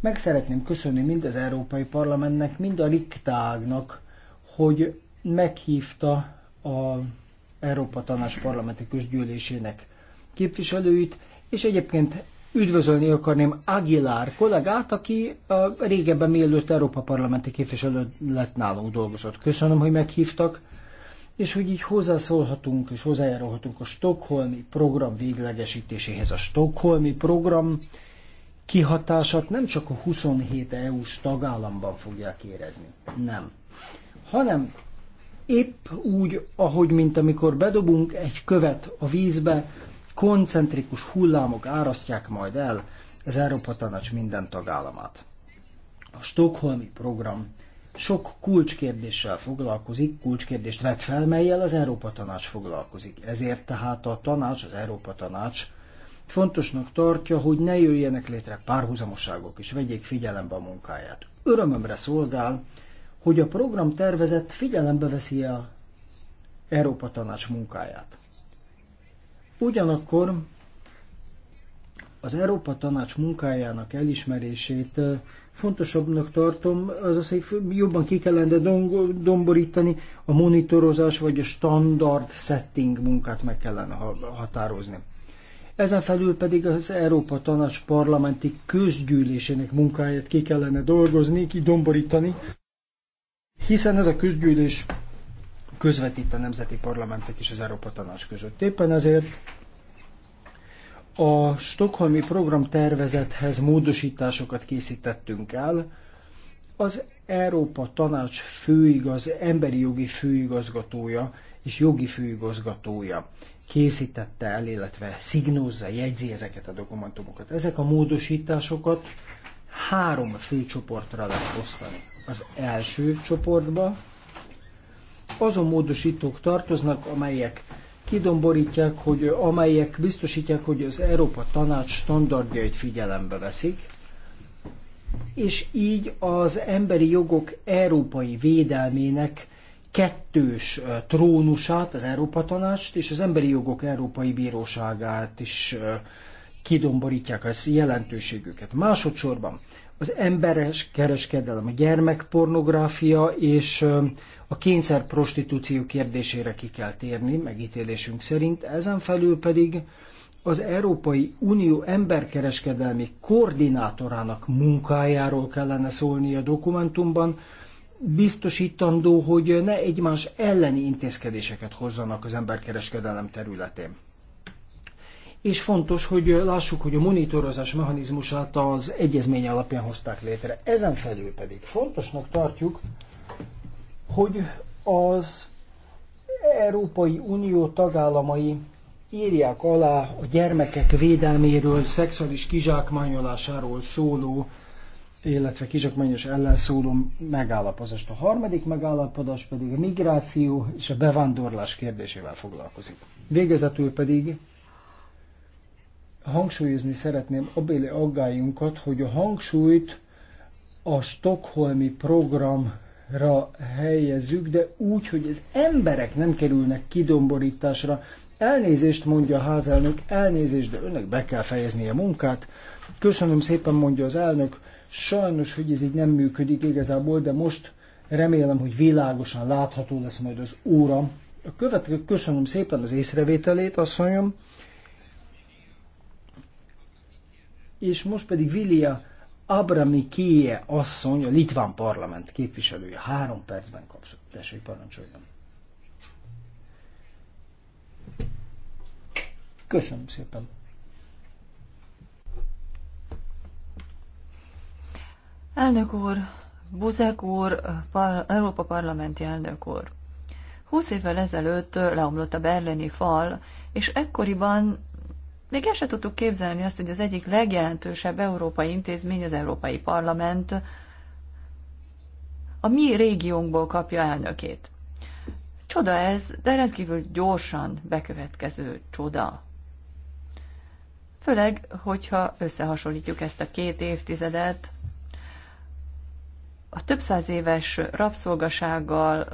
Meg szeretném köszönni mind az Európai Parlamentnek, mind a Riktágnak, hogy meghívta a Európa Tanács Parlamenti Közgyűlésének képviselőit, és egyébként üdvözölni akarném Aguilar kollégát, aki a régebben mielőtt Európa Parlamenti képviselő lett nálunk dolgozott. Köszönöm, hogy meghívtak, és hogy így hozzászólhatunk és hozzájárulhatunk a Stockholmi program véglegesítéséhez. A Stockholmi program kihatását nem csak a 27 EU-s tagállamban fogják érezni, nem, hanem épp úgy, ahogy mint amikor bedobunk egy követ a vízbe, koncentrikus hullámok árasztják majd el az Európa Tanács minden tagállamát. A Stockholmi program sok kulcskérdéssel foglalkozik, kulcskérdést vet fel, melyel az Európa Tanács foglalkozik. Ezért tehát a tanács, az Európa Tanács Fontosnak tartja, hogy ne jöjjenek létre párhuzamoságok, és vegyék figyelembe a munkáját. Örömömre szolgál, hogy a program tervezett figyelembe veszi a Európa Tanács munkáját. Ugyanakkor az Európa Tanács munkájának elismerését fontosabbnak tartom, azaz, hogy jobban ki kellene domborítani a monitorozás vagy a standard setting munkát meg kellene határozni. Ezen felül pedig az Európa Tanács parlamenti közgyűlésének munkáját ki kellene dolgozni, kidomborítani, hiszen ez a közgyűlés közvetít a nemzeti parlamentek és az Európa Tanács között. Éppen ezért a Stokholmi Program tervezethez módosításokat készítettünk el. Az Európa Tanács főigaz, emberi jogi főigazgatója és jogi főigazgatója készítette el, illetve szignózza, jegyzi ezeket a dokumentumokat. Ezek a módosításokat három fő csoportra lehet osztani. Az első csoportba azon módosítók tartoznak, amelyek kidomborítják, hogy amelyek biztosítják, hogy az Európa Tanács standardjait figyelembe veszik, és így az emberi jogok európai védelmének kettős trónusát, az Európa Tanást és az Emberi Jogok Európai Bíróságát is kidomborítják az jelentőségüket. Másodszorban az emberes kereskedelem, a gyermekpornográfia és a kényszer prostitúció kérdésére ki kell térni, megítélésünk szerint, ezen felül pedig az Európai Unió emberkereskedelmi koordinátorának munkájáról kellene szólni a dokumentumban, biztosítandó, hogy ne egymás elleni intézkedéseket hozzanak az emberkereskedelem területén. És fontos, hogy lássuk, hogy a monitorozás mechanizmusát az egyezmény alapján hozták létre. Ezen felül pedig fontosnak tartjuk, hogy az Európai Unió tagállamai írják alá a gyermekek védelméről, szexuális kizsákmányolásáról szóló illetve kizsakmányos ellenszóló megállapodást. A harmadik megállapodás pedig a migráció és a bevándorlás kérdésével foglalkozik. Végezetül pedig hangsúlyozni szeretném abéli aggájunkat, hogy a hangsúlyt a stokholmi programra helyezzük, de úgy, hogy az emberek nem kerülnek kidomborításra. Elnézést mondja a házelnök, elnézést, de önnek be kell fejezni a munkát. Köszönöm szépen, mondja az elnök Sajnos, hogy ez így nem működik igazából, de most remélem, hogy világosan látható lesz majd az óra. A következő, köszönöm szépen az észrevételét, asszonyom. És most pedig Vilia Abramikie asszony, a Litván parlament képviselője. Három percben kapsz. Tessék, parancsoljon. Köszönöm szépen. Elnök úr, Buzek úr, par, Európa parlamenti elnök úr. Húsz évvel ezelőtt leomlott a berlini fal, és ekkoriban még el sem tudtuk képzelni azt, hogy az egyik legjelentősebb európai intézmény, az Európai Parlament, a mi régiónkból kapja elnökét. Csoda ez, de rendkívül gyorsan bekövetkező csoda. Főleg, hogyha összehasonlítjuk ezt a két évtizedet, a több száz éves rabszolgasággal,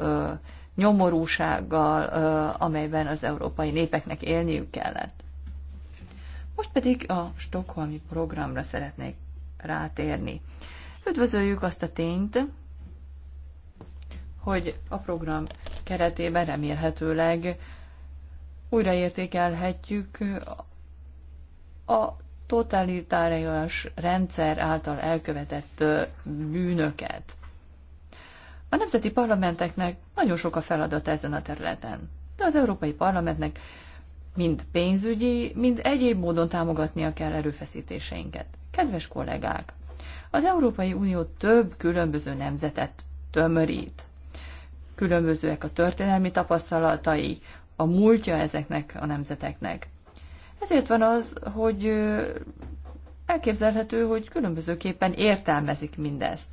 nyomorúsággal, amelyben az európai népeknek élniük kellett. Most pedig a stokholmi programra szeretnék rátérni. Üdvözöljük azt a tényt, hogy a program keretében remélhetőleg újraértékelhetjük a totalitárius rendszer által elkövetett bűnöket. A nemzeti parlamenteknek nagyon sok a feladat ezen a területen, de az Európai Parlamentnek mind pénzügyi, mind egyéb módon támogatnia kell erőfeszítéseinket. Kedves kollégák, az Európai Unió több különböző nemzetet tömörít. Különbözőek a történelmi tapasztalatai, a múltja ezeknek a nemzeteknek. Ezért van az, hogy elképzelhető, hogy különbözőképpen értelmezik mindezt.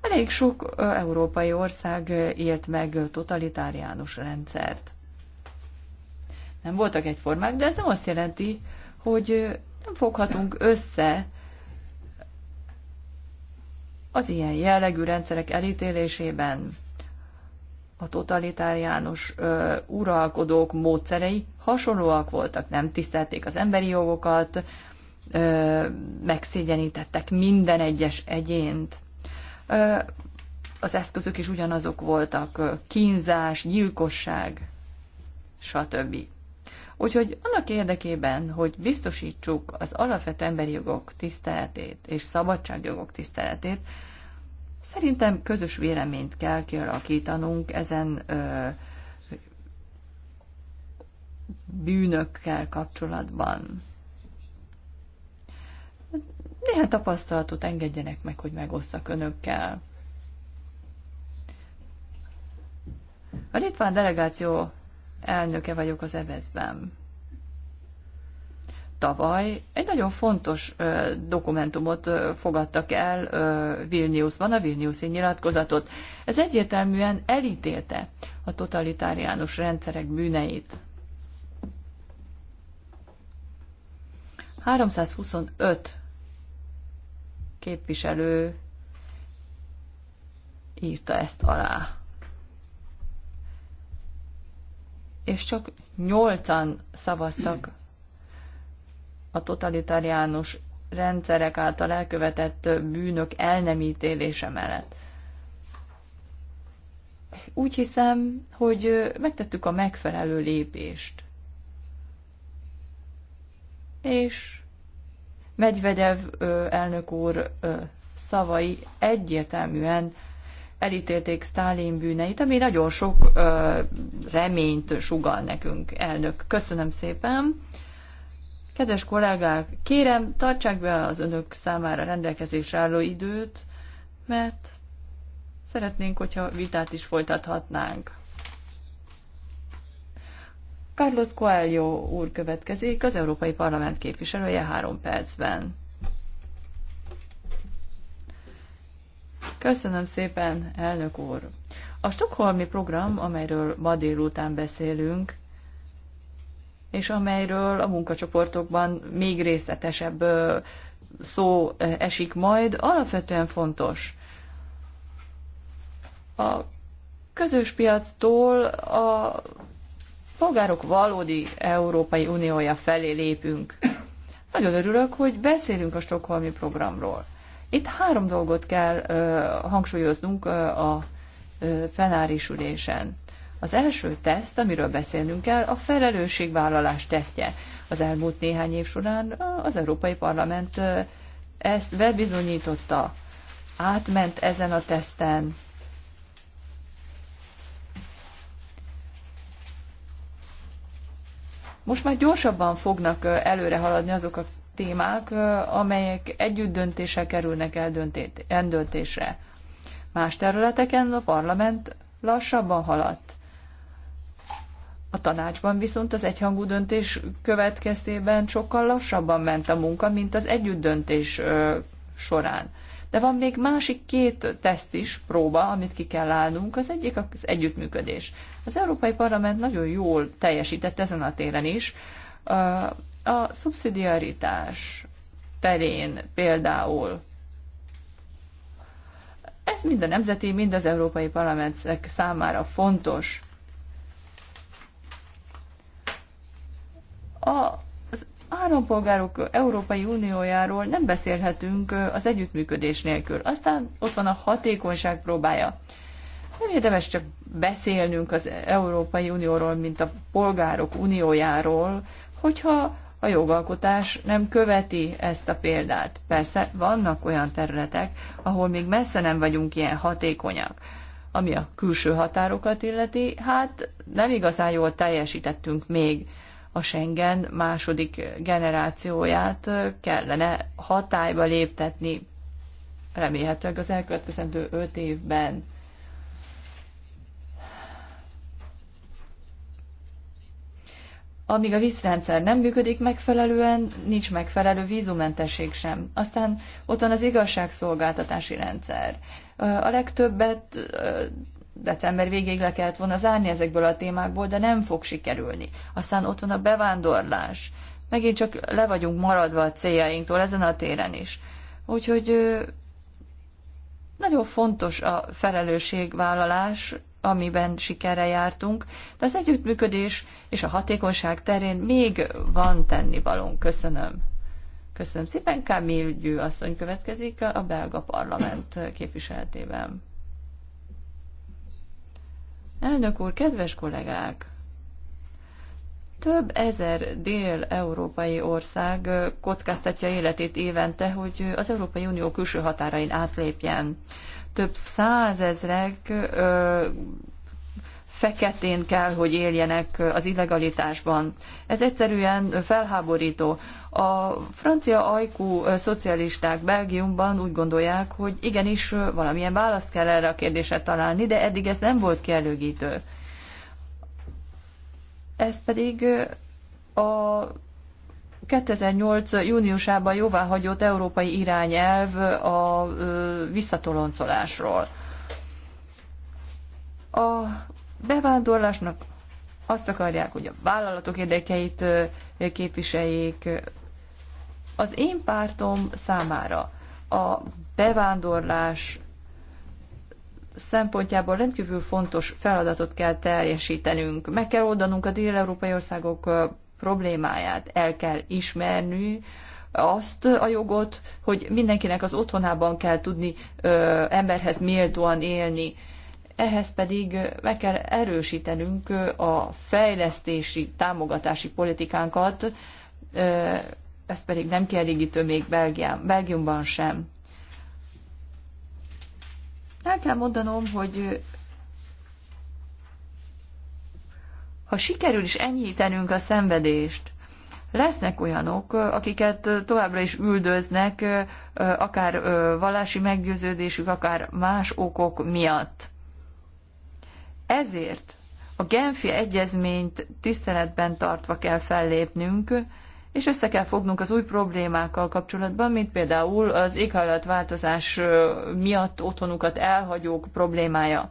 Elég sok európai ország élt meg totalitáriánus rendszert. Nem voltak egyformák, de ez nem azt jelenti, hogy nem foghatunk össze az ilyen jellegű rendszerek elítélésében a totalitáriánus ö, uralkodók módszerei hasonlóak voltak, nem tisztelték az emberi jogokat, ö, megszégyenítettek minden egyes egyént. Ö, az eszközök is ugyanazok voltak, kínzás, gyilkosság, stb. Úgyhogy annak érdekében, hogy biztosítsuk az alapvető emberi jogok tiszteletét és szabadságjogok tiszteletét, Szerintem közös véleményt kell kialakítanunk ezen ö, bűnökkel kapcsolatban. Néhány tapasztalatot engedjenek meg, hogy megosszak önökkel. A litván delegáció elnöke vagyok az EVEZ-ben tavaly egy nagyon fontos dokumentumot fogadtak el Vilniusban, a Vilniuszi nyilatkozatot. Ez egyértelműen elítélte a totalitáriánus rendszerek bűneit. 325 képviselő írta ezt alá. És csak nyolcan szavaztak a totalitáriánus rendszerek által elkövetett bűnök elnemítélése mellett. Úgy hiszem, hogy megtettük a megfelelő lépést. És Medvedev elnök úr szavai egyértelműen elítélték Sztálin bűneit, ami nagyon sok reményt sugal nekünk, elnök. Köszönöm szépen! Kedves kollégák, kérem, tartsák be az önök számára rendelkezésre álló időt, mert szeretnénk, hogyha vitát is folytathatnánk. Carlos Coelho úr következik, az Európai Parlament képviselője három percben. Köszönöm szépen, elnök úr! A Stockholmi program, amelyről ma délután beszélünk, és amelyről a munkacsoportokban még részletesebb szó esik majd, alapvetően fontos. A közös piactól a polgárok valódi Európai Uniója felé lépünk. Nagyon örülök, hogy beszélünk a Stockholmi programról. Itt három dolgot kell ö, hangsúlyoznunk ö, a ö, plenáris ülésen. Az első teszt, amiről beszélnünk kell, a felelősségvállalás tesztje. Az elmúlt néhány év során az Európai Parlament ezt bebizonyította, átment ezen a teszten. Most már gyorsabban fognak előre haladni azok a témák, amelyek együtt döntése kerülnek eldöntésre. Más területeken a parlament lassabban haladt. A tanácsban viszont az egyhangú döntés következtében sokkal lassabban ment a munka, mint az együtt döntés során. De van még másik két teszt is, próba, amit ki kell állnunk. Az egyik az együttműködés. Az Európai Parlament nagyon jól teljesített ezen a téren is. A szubszidiaritás terén például ez mind a nemzeti, mind az Európai Parlament számára fontos. A, az állampolgárok Európai Uniójáról nem beszélhetünk az együttműködés nélkül. Aztán ott van a hatékonyság próbája. Nem érdemes csak beszélnünk az Európai Unióról, mint a polgárok uniójáról, hogyha a jogalkotás nem követi ezt a példát. Persze vannak olyan területek, ahol még messze nem vagyunk ilyen hatékonyak. Ami a külső határokat illeti, hát nem igazán jól teljesítettünk még a Schengen második generációját kellene hatályba léptetni, remélhetőleg az elkövetkezendő öt évben. amíg a vízrendszer nem működik megfelelően, nincs megfelelő vízumentesség sem. Aztán ott van az igazságszolgáltatási rendszer. A legtöbbet december végéig le kellett volna zárni ezekből a témákból, de nem fog sikerülni. Aztán ott van a bevándorlás. Megint csak le vagyunk maradva a céljainktól ezen a téren is. Úgyhogy nagyon fontos a felelősségvállalás, amiben sikerre jártunk, de az együttműködés és a hatékonyság terén még van tennivalónk. Köszönöm. Köszönöm szépen. kámi Gyű asszony következik a belga parlament képviseletében. Elnök úr, kedves kollégák! Több ezer dél-európai ország kockáztatja életét évente, hogy az Európai Unió külső határain átlépjen. Több százezrek feketén kell, hogy éljenek az illegalitásban. Ez egyszerűen felháborító. A francia ajkú szocialisták Belgiumban úgy gondolják, hogy igenis valamilyen választ kell erre a kérdésre találni, de eddig ez nem volt kielőgítő. Ez pedig a 2008. júniusában hagyott európai irányelv a visszatoloncolásról. A bevándorlásnak azt akarják, hogy a vállalatok érdekeit képviseljék. Az én pártom számára a bevándorlás szempontjából rendkívül fontos feladatot kell teljesítenünk. Meg kell oldanunk a dél-európai országok problémáját, el kell ismerni azt a jogot, hogy mindenkinek az otthonában kell tudni ö, emberhez méltóan élni ehhez pedig meg kell erősítenünk a fejlesztési, támogatási politikánkat, ez pedig nem kielégítő még Belgián, Belgiumban sem. El kell mondanom, hogy ha sikerül is enyhítenünk a szenvedést, lesznek olyanok, akiket továbbra is üldöznek, akár vallási meggyőződésük, akár más okok miatt. Ezért a Genfi egyezményt tiszteletben tartva kell fellépnünk, és össze kell fognunk az új problémákkal kapcsolatban, mint például az éghajlatváltozás miatt otthonukat elhagyók problémája.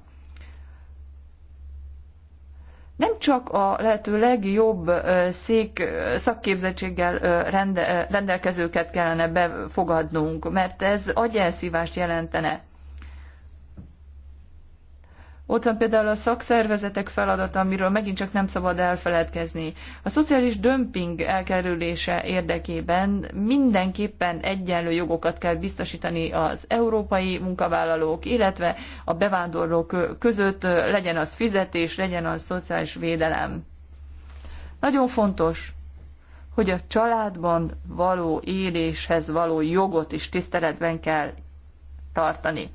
Nem csak a lehető legjobb szék szakképzettséggel rendelkezőket kellene befogadnunk, mert ez agyelszívást jelentene. Ott van például a szakszervezetek feladata, amiről megint csak nem szabad elfeledkezni. A szociális dömping elkerülése érdekében mindenképpen egyenlő jogokat kell biztosítani az európai munkavállalók, illetve a bevándorlók között, legyen az fizetés, legyen az szociális védelem. Nagyon fontos, hogy a családban való éléshez való jogot is tiszteletben kell tartani.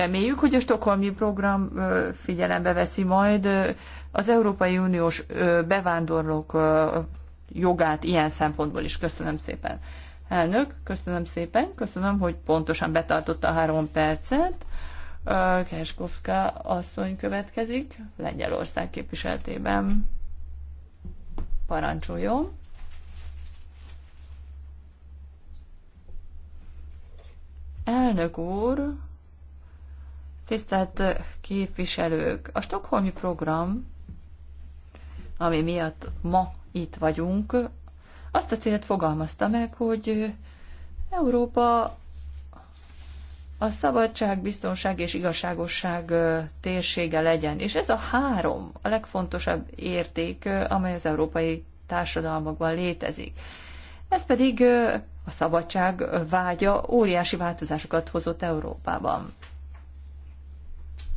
Reméljük, hogy a Stokholmi program figyelembe veszi majd az Európai Uniós bevándorlók jogát ilyen szempontból is. Köszönöm szépen. Elnök, köszönöm szépen, köszönöm, hogy pontosan betartotta a három percet. Keskovska asszony következik Lengyelország képviseltében. Parancsoljon. Elnök úr, Tisztelt képviselők, a Stockholmi program, ami miatt ma itt vagyunk, azt a célt fogalmazta meg, hogy Európa a szabadság, biztonság és igazságosság térsége legyen. És ez a három a legfontosabb érték, amely az európai társadalmakban létezik. Ez pedig a szabadság vágya óriási változásokat hozott Európában.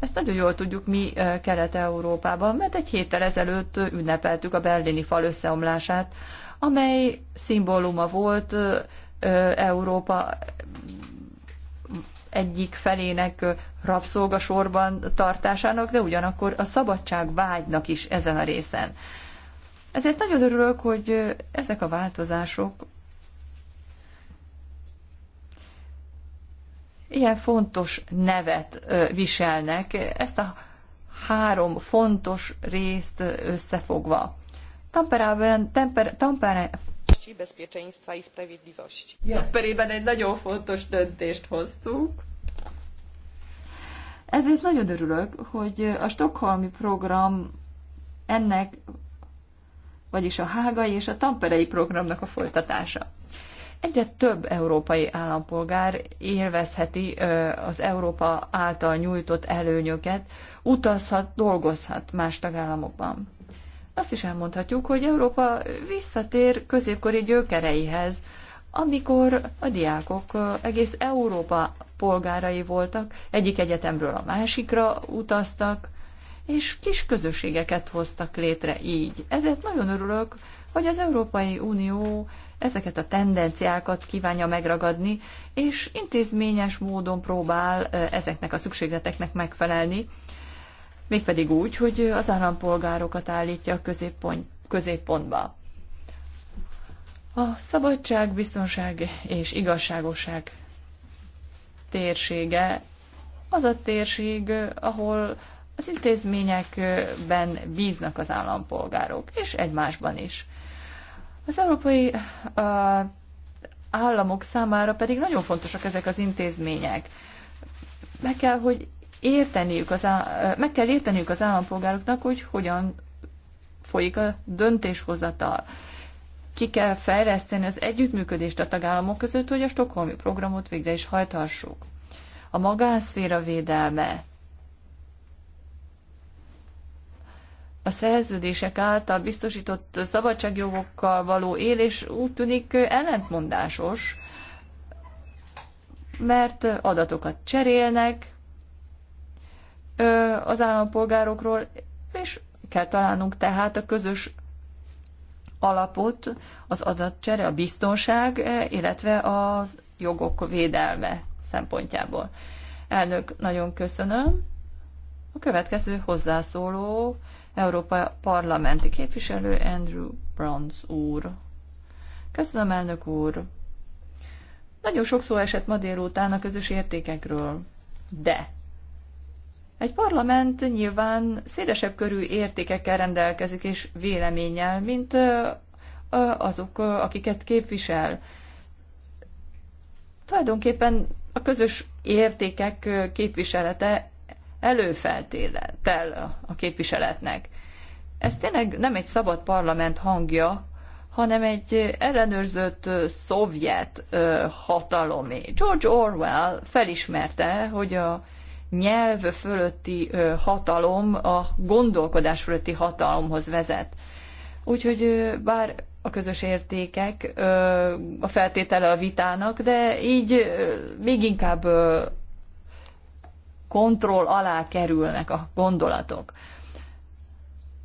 Ezt nagyon jól tudjuk mi Kelet-Európában, mert egy héttel ezelőtt ünnepeltük a berlini fal összeomlását, amely szimbóluma volt Európa egyik felének rabszolgasorban tartásának, de ugyanakkor a szabadság vágynak is ezen a részen. Ezért nagyon örülök, hogy ezek a változások ilyen fontos nevet viselnek, ezt a három fontos részt összefogva. Tamperában, temper, Tampere... Bezpieczeństwa i Sprawiedliwości. Tamperében egy nagyon fontos döntést hoztunk. Ezért nagyon örülök, hogy a stokholmi program ennek, vagyis a hágai és a tamperei programnak a folytatása egyre több európai állampolgár élvezheti az Európa által nyújtott előnyöket, utazhat, dolgozhat más tagállamokban. Azt is elmondhatjuk, hogy Európa visszatér középkori gyökereihez, amikor a diákok egész Európa polgárai voltak, egyik egyetemről a másikra utaztak, és kis közösségeket hoztak létre így. Ezért nagyon örülök, hogy az Európai Unió ezeket a tendenciákat kívánja megragadni, és intézményes módon próbál ezeknek a szükségleteknek megfelelni, mégpedig úgy, hogy az állampolgárokat állítja a középpont, középpontba. A szabadság, biztonság és igazságosság térsége az a térség, ahol az intézményekben bíznak az állampolgárok, és egymásban is. Az európai államok számára pedig nagyon fontosak ezek az intézmények. Meg kell, hogy érteniük az, áll, meg kell érteniük az állampolgároknak, hogy hogyan folyik a döntéshozatal. Ki kell fejleszteni az együttműködést a tagállamok között, hogy a stokholmi programot végre is hajthassuk. A magánszféra védelme a szerződések által biztosított szabadságjogokkal való élés úgy tűnik ellentmondásos, mert adatokat cserélnek az állampolgárokról, és kell találnunk tehát a közös alapot, az adatcsere, a biztonság, illetve a jogok védelme szempontjából. Elnök, nagyon köszönöm. A következő hozzászóló Európa parlamenti képviselő Andrew Brons úr. Köszönöm, elnök úr! Nagyon sok szó esett ma délután a közös értékekről, de egy parlament nyilván szélesebb körű értékekkel rendelkezik és véleménnyel, mint azok, akiket képvisel. Tulajdonképpen a közös értékek képviselete előfeltétel a képviseletnek. Ez tényleg nem egy szabad parlament hangja, hanem egy ellenőrzött szovjet hatalomé. George Orwell felismerte, hogy a nyelv fölötti hatalom a gondolkodás fölötti hatalomhoz vezet. Úgyhogy bár a közös értékek a feltétele a vitának, de így még inkább kontroll alá kerülnek a gondolatok.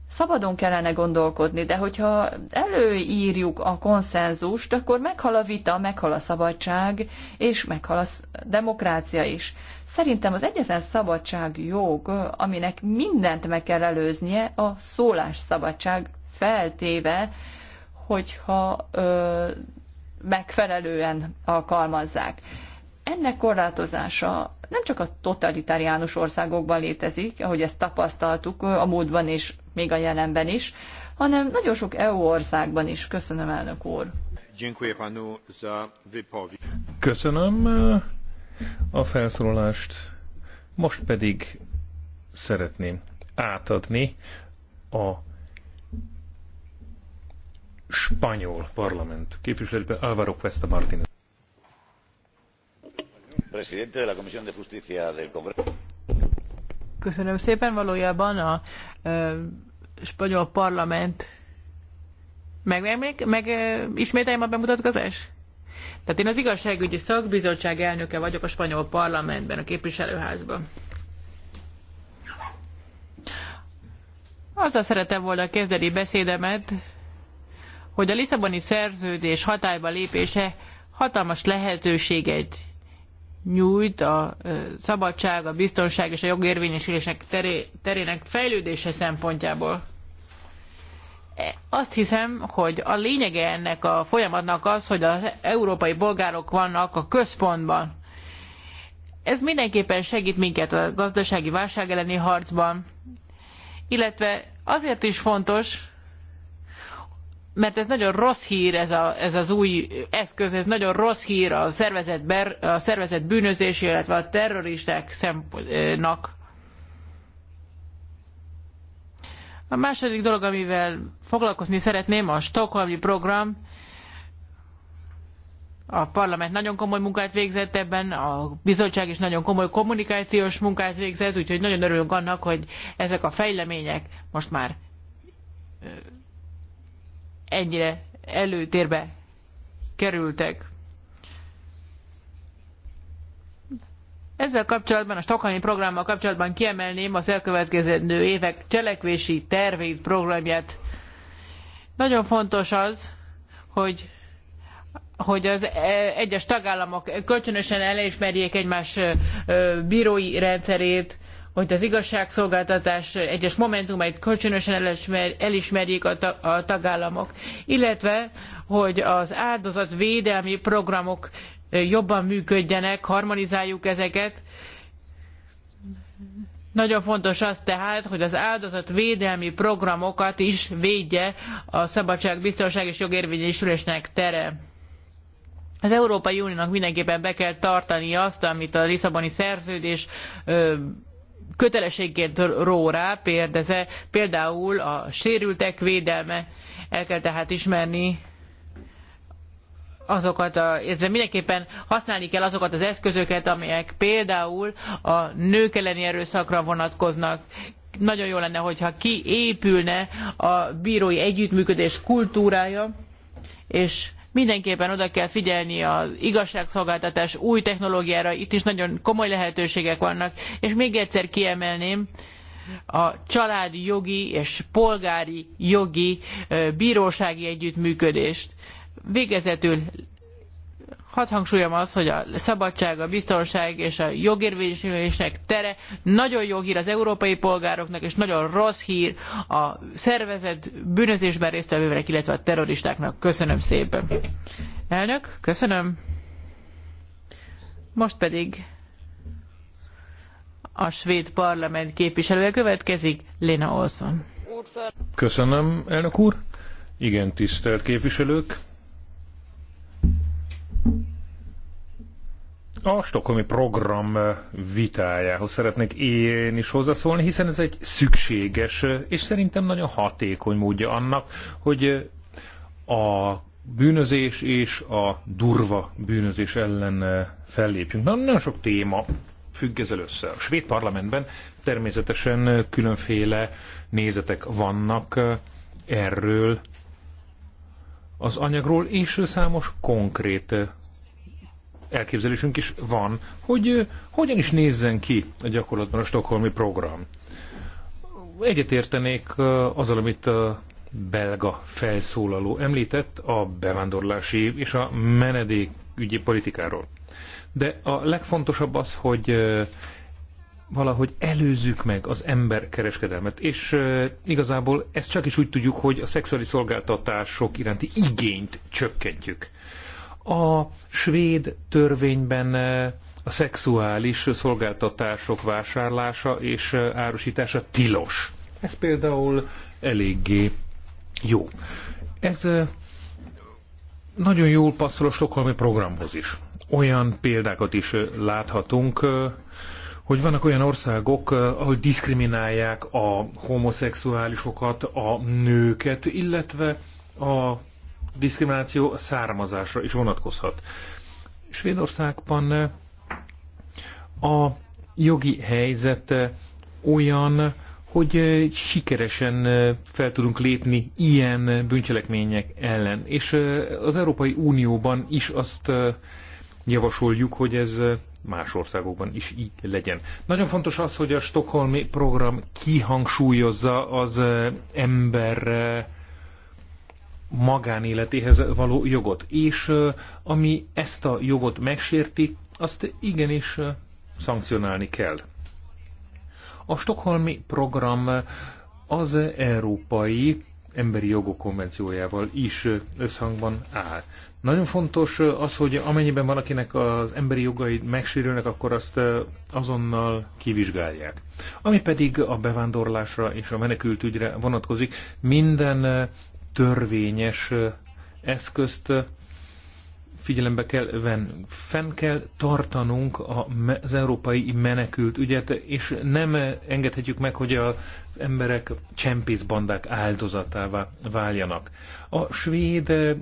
Szabadon kellene gondolkodni, de hogyha előírjuk a konszenzust, akkor meghal a vita, meghal a szabadság, és meghal a demokrácia is. Szerintem az egyetlen jog, aminek mindent meg kell előznie, a szólásszabadság feltéve, hogyha ö, megfelelően alkalmazzák. Ennek korlátozása nem csak a totalitáriánus országokban létezik, ahogy ezt tapasztaltuk a múltban és még a jelenben is, hanem nagyon sok EU országban is. Köszönöm, elnök úr. Köszönöm a felszólalást. Most pedig szeretném átadni a spanyol parlament képviselőbe Álvaro Cuesta Martínez presidente de la Comisión de Justicia del Congreso. Köszönöm szépen, valójában a spanyol parlament meg, meg, meg, meg ismételjem a bemutatkozás? Tehát én az igazságügyi szakbizottság elnöke vagyok a spanyol parlamentben, a képviselőházban. Azzal szeretem volna kezdeni beszédemet, hogy a Lisszaboni szerződés hatályba lépése hatalmas lehetőséget nyújt a szabadság, a biztonság és a jogérvényesülésnek terének fejlődése szempontjából. E, azt hiszem, hogy a lényege ennek a folyamatnak az, hogy az európai bolgárok vannak a központban. Ez mindenképpen segít minket a gazdasági válság elleni harcban, illetve azért is fontos, mert ez nagyon rossz hír, ez, a, ez az új eszköz, ez nagyon rossz hír a szervezet, ber, a szervezet bűnözés, illetve a terroristák szempontnak. A második dolog, amivel foglalkozni szeretném, a Stockholmi program. A parlament nagyon komoly munkát végzett ebben, a bizottság is nagyon komoly kommunikációs munkát végzett, úgyhogy nagyon örülünk annak, hogy ezek a fejlemények most már ennyire előtérbe kerültek. Ezzel kapcsolatban, a Stockholmi programmal kapcsolatban kiemelném az elkövetkezendő évek cselekvési tervét, programját. Nagyon fontos az, hogy hogy az e, egyes tagállamok kölcsönösen elismerjék egymás bírói rendszerét, hogy az igazságszolgáltatás egyes momentumait kölcsönösen elismerjék a, ta a tagállamok, illetve hogy az áldozatvédelmi programok jobban működjenek, harmonizáljuk ezeket. Nagyon fontos az tehát, hogy az áldozatvédelmi programokat is védje a szabadság, biztonság és jogérvényesülésnek tere. Az Európai Uniónak mindenképpen be kell tartani azt, amit a Lisszaboni szerződés kötelességként ró rá, példeze, például a sérültek védelme, el kell tehát ismerni azokat, a, illetve mindenképpen használni kell azokat az eszközöket, amelyek például a nők elleni erőszakra vonatkoznak. Nagyon jó lenne, hogyha kiépülne a bírói együttműködés kultúrája, és mindenképpen oda kell figyelni az igazságszolgáltatás új technológiára, itt is nagyon komoly lehetőségek vannak, és még egyszer kiemelném, a családi jogi és polgári jogi bírósági együttműködést. Végezetül Hadd hangsúlyom az, hogy a szabadság, a biztonság és a jogérvényesülésnek tere nagyon jó hír az európai polgároknak, és nagyon rossz hír a szervezett bűnözésben résztvevőknek, illetve a terroristáknak. Köszönöm szépen. Elnök, köszönöm. Most pedig a svéd parlament képviselője következik, Lena Olson. Köszönöm, elnök úr. Igen, tisztelt képviselők. A stokholmi program vitájához szeretnék én is hozzászólni, hiszen ez egy szükséges és szerintem nagyon hatékony módja annak, hogy a bűnözés és a durva bűnözés ellen fellépjünk. Na, nagyon sok téma függ ezzel össze. A svéd parlamentben természetesen különféle nézetek vannak erről az anyagról, és számos konkrét elképzelésünk is van, hogy hogyan is nézzen ki a gyakorlatban a stokholmi program. Egyetértenék azzal, amit a belga felszólaló említett a bevándorlási és a menedékügyi politikáról. De a legfontosabb az, hogy valahogy előzzük meg az emberkereskedelmet. És e, igazából ezt csak is úgy tudjuk, hogy a szexuális szolgáltatások iránti igényt csökkentjük. A svéd törvényben a szexuális szolgáltatások vásárlása és árusítása tilos. Ez például eléggé jó. Ez nagyon jól passzol a Stockholmi programhoz is. Olyan példákat is láthatunk, hogy vannak olyan országok, eh, ahol diszkriminálják a homoszexuálisokat, a nőket, illetve a diszkrimináció származásra is vonatkozhat. Svédországban eh, a jogi helyzet eh, olyan, hogy sikeresen fel tudunk lépni ilyen bűncselekmények ellen. És az Európai Unióban is azt javasoljuk, hogy ez más országokban is így legyen. Nagyon fontos az, hogy a Stockholmi program kihangsúlyozza az ember magánéletéhez való jogot, és ami ezt a jogot megsérti, azt igenis szankcionálni kell. A Stockholmi program az Európai Emberi Jogok Konvenciójával is összhangban áll. Nagyon fontos az, hogy amennyiben valakinek az emberi jogai megsérülnek, akkor azt azonnal kivizsgálják. Ami pedig a bevándorlásra és a menekültügyre vonatkozik, minden törvényes eszközt figyelembe kell venni. Fenn kell tartanunk az európai menekült ügyet, és nem engedhetjük meg, hogy az emberek csempészbandák áldozatává váljanak. A svéd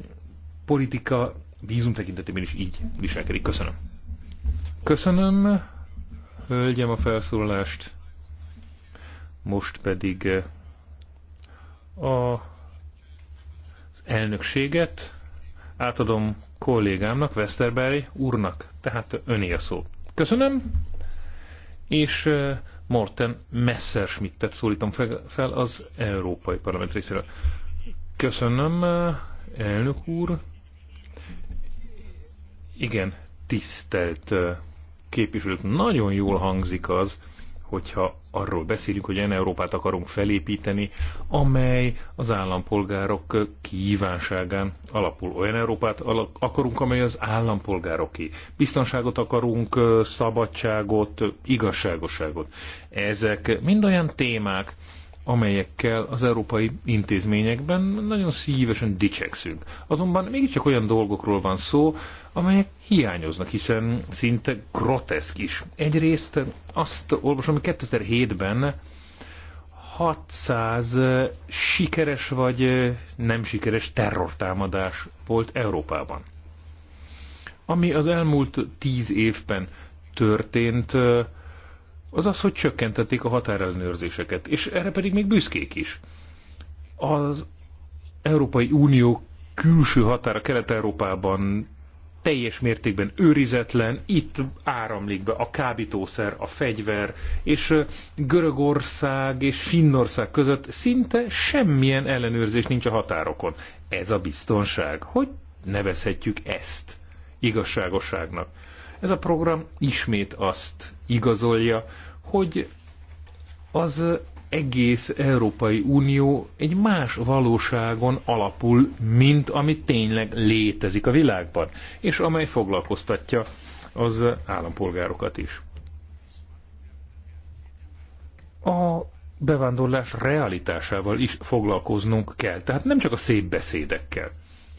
politika vízum tekintetében is így viselkedik. Köszönöm. Köszönöm, hölgyem a felszólalást. Most pedig eh, a elnökséget átadom kollégámnak, Westerberg úrnak, tehát öné a szó. Köszönöm, és eh, Morten Messerschmittet szólítom fel az Európai Parlament részéről. Köszönöm, eh, elnök úr. Igen, tisztelt képviselők, nagyon jól hangzik az, hogyha arról beszélünk, hogy olyan Európát akarunk felépíteni, amely az állampolgárok kívánságán alapul. Olyan Európát akarunk, amely az állampolgároké. Biztonságot akarunk, szabadságot, igazságosságot. Ezek mind olyan témák, amelyekkel az európai intézményekben nagyon szívesen dicsekszünk. Azonban mégiscsak olyan dolgokról van szó, amelyek hiányoznak, hiszen szinte groteszk is. Egyrészt azt olvasom, hogy 2007-ben 600 sikeres vagy nem sikeres terrortámadás volt Európában. Ami az elmúlt tíz évben történt, az az, hogy csökkentették a határellenőrzéseket, és erre pedig még büszkék is. Az Európai Unió külső határa Kelet-Európában teljes mértékben őrizetlen, itt áramlik be a kábítószer, a fegyver, és Görögország és Finnország között szinte semmilyen ellenőrzés nincs a határokon. Ez a biztonság. Hogy nevezhetjük ezt igazságosságnak? Ez a program ismét azt igazolja, hogy az egész Európai Unió egy más valóságon alapul, mint ami tényleg létezik a világban, és amely foglalkoztatja az állampolgárokat is. A bevándorlás realitásával is foglalkoznunk kell, tehát nem csak a szép beszédekkel,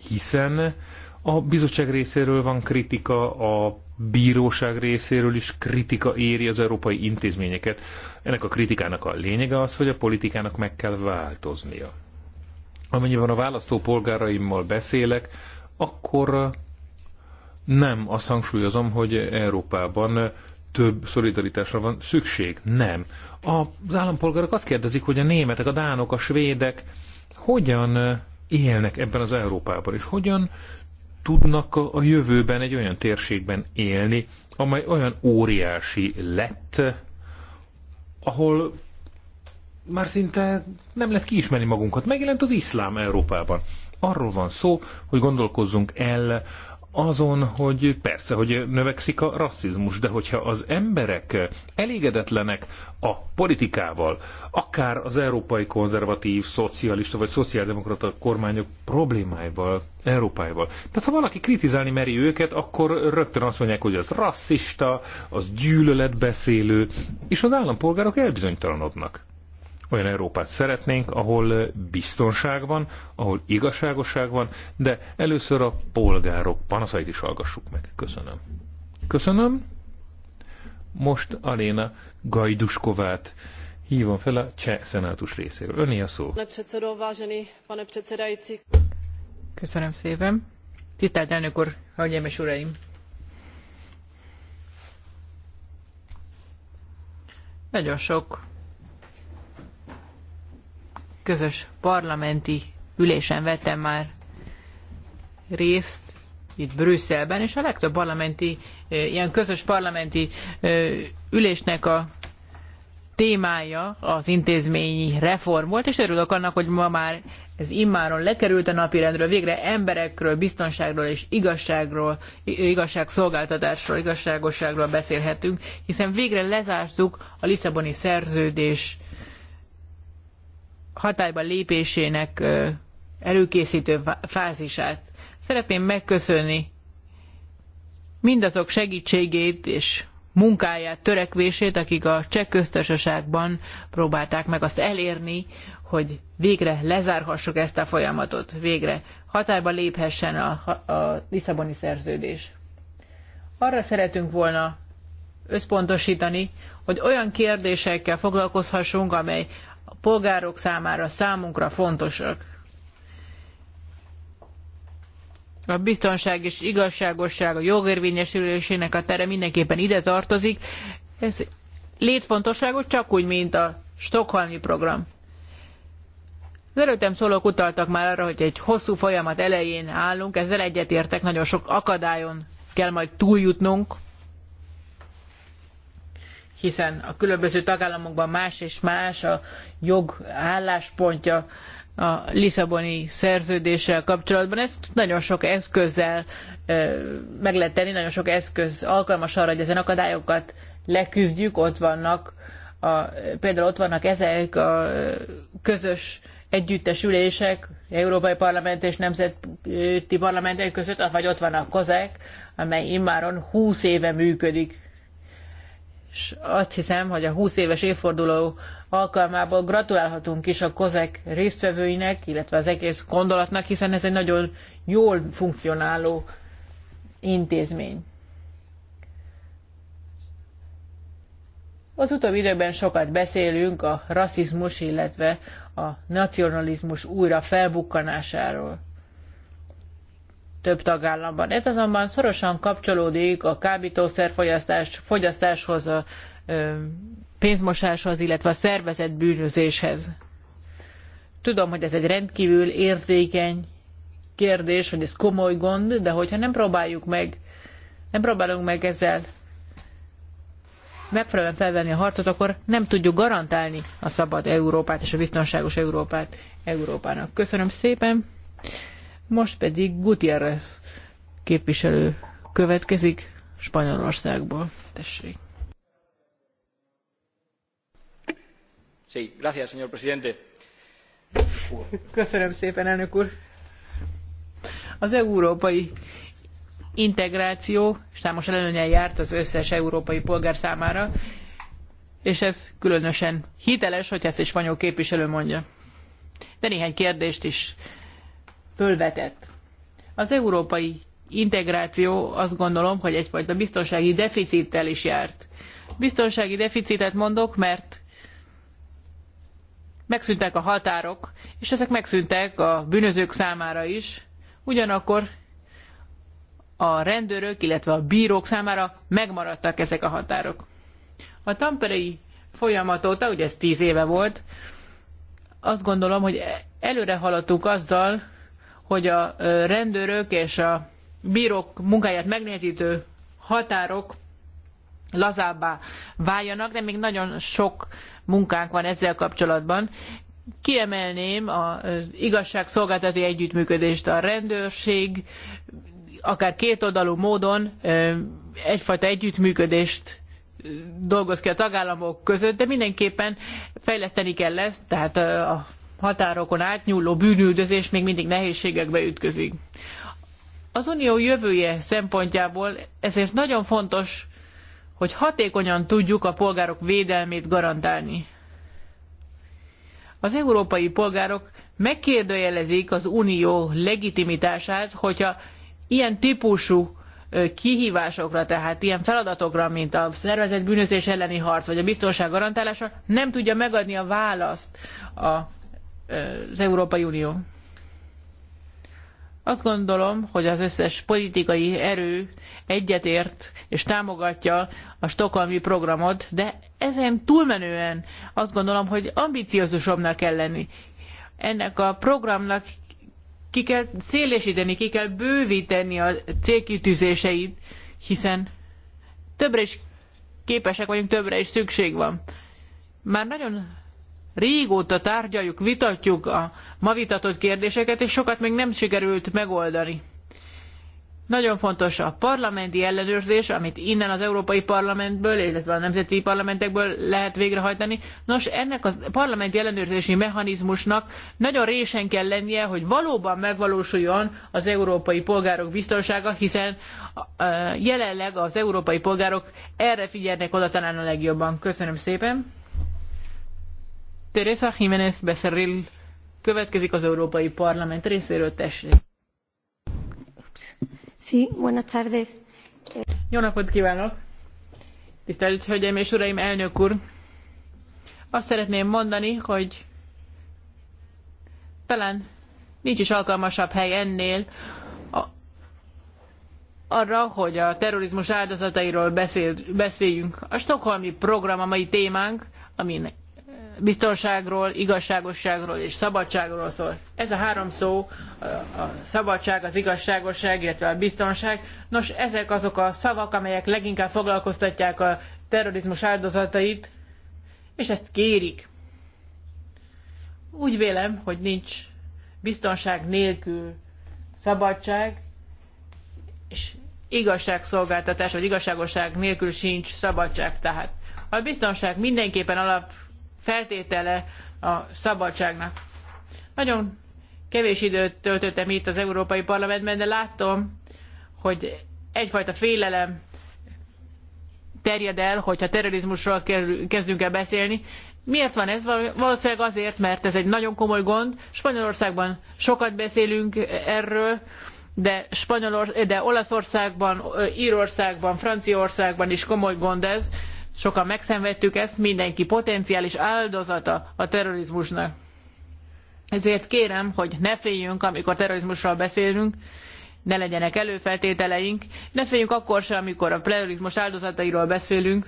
hiszen a bizottság részéről van kritika, a bíróság részéről is kritika éri az európai intézményeket. Ennek a kritikának a lényege az, hogy a politikának meg kell változnia. Amennyiben a választópolgáraimmal beszélek, akkor nem azt hangsúlyozom, hogy Európában több szolidaritásra van szükség. Nem. Az állampolgárok azt kérdezik, hogy a németek, a dánok, a svédek hogyan élnek ebben az Európában, és hogyan tudnak a jövőben egy olyan térségben élni, amely olyan óriási lett, ahol már szinte nem lehet kiismerni magunkat. Megjelent az iszlám Európában. Arról van szó, hogy gondolkozzunk el azon, hogy persze, hogy növekszik a rasszizmus, de hogyha az emberek elégedetlenek a politikával, akár az európai konzervatív, szocialista vagy szociáldemokrata kormányok problémáival, Európáival. Tehát ha valaki kritizálni meri őket, akkor rögtön azt mondják, hogy az rasszista, az gyűlöletbeszélő, és az állampolgárok elbizonytalanodnak. Olyan Európát szeretnénk, ahol biztonság van, ahol igazságosság van, de először a polgárok panaszait is hallgassuk meg. Köszönöm. Köszönöm. Most Aléna Gajduskovát hívom fel a cseh szenátus részéről. Öné a szó. Köszönöm szépen. Tisztelt elnök úr, hölgyeim és uraim! Nagyon sok közös parlamenti ülésen vettem már részt itt Brüsszelben, és a legtöbb parlamenti, ilyen közös parlamenti ülésnek a témája az intézményi reform volt, és örülök annak, hogy ma már ez immáron lekerült a napirendről, végre emberekről, biztonságról és igazságról, igazságszolgáltatásról, igazságosságról beszélhetünk, hiszen végre lezártuk a Lisszaboni szerződés hatályba lépésének előkészítő fázisát. Szeretném megköszönni mindazok segítségét és munkáját, törekvését, akik a cseh köztársaságban próbálták meg azt elérni, hogy végre lezárhassuk ezt a folyamatot, végre hatályba léphessen a, a Lisszaboni szerződés. Arra szeretünk volna összpontosítani, hogy olyan kérdésekkel foglalkozhassunk, amely a polgárok számára, számunkra fontosak. A biztonság és igazságosság a jogérvényesülésének a tere mindenképpen ide tartozik. Ez létfontosságot csak úgy, mint a Stockholmi program. Az előttem szólók utaltak már arra, hogy egy hosszú folyamat elején állunk, ezzel egyetértek, nagyon sok akadályon kell majd túljutnunk, hiszen a különböző tagállamokban más és más a jog álláspontja a Lisszaboni szerződéssel kapcsolatban. Ezt nagyon sok eszközzel meg lehet tenni, nagyon sok eszköz alkalmas arra, hogy ezen akadályokat leküzdjük, ott vannak a, például ott vannak ezek a közös ülések, Európai Parlament és Nemzeti Parlamentek között, vagy ott van a COSEC, amely immáron 20 éve működik és azt hiszem, hogy a 20 éves évforduló alkalmából gratulálhatunk is a kozek résztvevőinek, illetve az egész gondolatnak, hiszen ez egy nagyon jól funkcionáló intézmény. Az utóbbi időben sokat beszélünk a rasszizmus, illetve a nacionalizmus újra felbukkanásáról több tagállamban. Ez azonban szorosan kapcsolódik a kábítószerfogyasztás, fogyasztáshoz, a pénzmosáshoz, illetve a szervezett bűnözéshez. Tudom, hogy ez egy rendkívül érzékeny kérdés, hogy ez komoly gond, de hogyha nem próbáljuk meg, nem próbálunk meg ezzel megfelelően felvenni a harcot, akkor nem tudjuk garantálni a szabad Európát és a biztonságos Európát Európának. Köszönöm szépen! Most pedig Gutierrez képviselő következik Spanyolországból. Tessék. Sí, gracias, señor presidente. Köszönöm szépen, elnök úr. Az európai integráció számos előnyel járt az összes európai polgár számára, és ez különösen hiteles, hogy ezt egy spanyol képviselő mondja. De néhány kérdést is fölvetett. Az európai integráció azt gondolom, hogy egyfajta biztonsági deficittel is járt. Biztonsági deficitet mondok, mert megszűntek a határok, és ezek megszűntek a bűnözők számára is, ugyanakkor a rendőrök, illetve a bírók számára megmaradtak ezek a határok. A tamperei folyamat óta, ugye ez tíz éve volt, azt gondolom, hogy előre haladtunk azzal, hogy a rendőrök és a bírók munkáját megnézítő határok lazábbá váljanak, de még nagyon sok munkánk van ezzel kapcsolatban. Kiemelném az igazságszolgáltatói együttműködést a rendőrség, akár kétoldalú módon egyfajta együttműködést dolgoz ki a tagállamok között, de mindenképpen fejleszteni kell ezt, tehát a határokon átnyúló bűnüldözés még mindig nehézségekbe ütközik. Az unió jövője szempontjából ezért nagyon fontos, hogy hatékonyan tudjuk a polgárok védelmét garantálni. Az európai polgárok megkérdőjelezik az unió legitimitását, hogyha ilyen típusú kihívásokra, tehát ilyen feladatokra, mint a szervezett bűnözés elleni harc, vagy a biztonság garantálása, nem tudja megadni a választ a az Európai Unió. Azt gondolom, hogy az összes politikai erő egyetért és támogatja a stokholmi programot, de ezen túlmenően azt gondolom, hogy ambiciózusabbnak kell lenni. Ennek a programnak ki kell szélesíteni, ki kell bővíteni a célkitűzéseit, hiszen többre is képesek vagyunk, többre is szükség van. Már nagyon régóta tárgyaljuk, vitatjuk a ma vitatott kérdéseket, és sokat még nem sikerült megoldani. Nagyon fontos a parlamenti ellenőrzés, amit innen az Európai Parlamentből, illetve a nemzeti parlamentekből lehet végrehajtani. Nos, ennek a parlamenti ellenőrzési mechanizmusnak nagyon résen kell lennie, hogy valóban megvalósuljon az európai polgárok biztonsága, hiszen jelenleg az európai polgárok erre figyelnek oda talán a legjobban. Köszönöm szépen! Teresa Jiménez Becerril következik az Európai Parlament részéről, tessék. Sí, buenas tardes. Jó napot kívánok! Tisztelt Hölgyeim és Uraim, elnök úr! Azt szeretném mondani, hogy talán nincs is alkalmasabb hely ennél a, arra, hogy a terrorizmus áldozatairól beszél, beszéljünk. A stokholmi program a mai témánk, aminek biztonságról, igazságosságról és szabadságról szól. Ez a három szó, a szabadság, az igazságosság, illetve a biztonság. Nos, ezek azok a szavak, amelyek leginkább foglalkoztatják a terrorizmus áldozatait, és ezt kérik. Úgy vélem, hogy nincs biztonság nélkül szabadság, és igazságszolgáltatás vagy igazságosság nélkül sincs szabadság. Tehát a biztonság mindenképpen alap feltétele a szabadságnak. Nagyon kevés időt töltöttem itt az Európai Parlamentben, de látom, hogy egyfajta félelem terjed el, hogyha terrorizmusról kezdünk el beszélni. Miért van ez? Valószínűleg azért, mert ez egy nagyon komoly gond. Spanyolországban sokat beszélünk erről, de, Spanyolor, de Olaszországban, Írországban, Franciaországban is komoly gond ez. Sokan megszenvedtük ezt, mindenki potenciális áldozata a terrorizmusnak. Ezért kérem, hogy ne féljünk, amikor terrorizmusról beszélünk, ne legyenek előfeltételeink, ne féljünk akkor sem, amikor a terrorizmus áldozatairól beszélünk,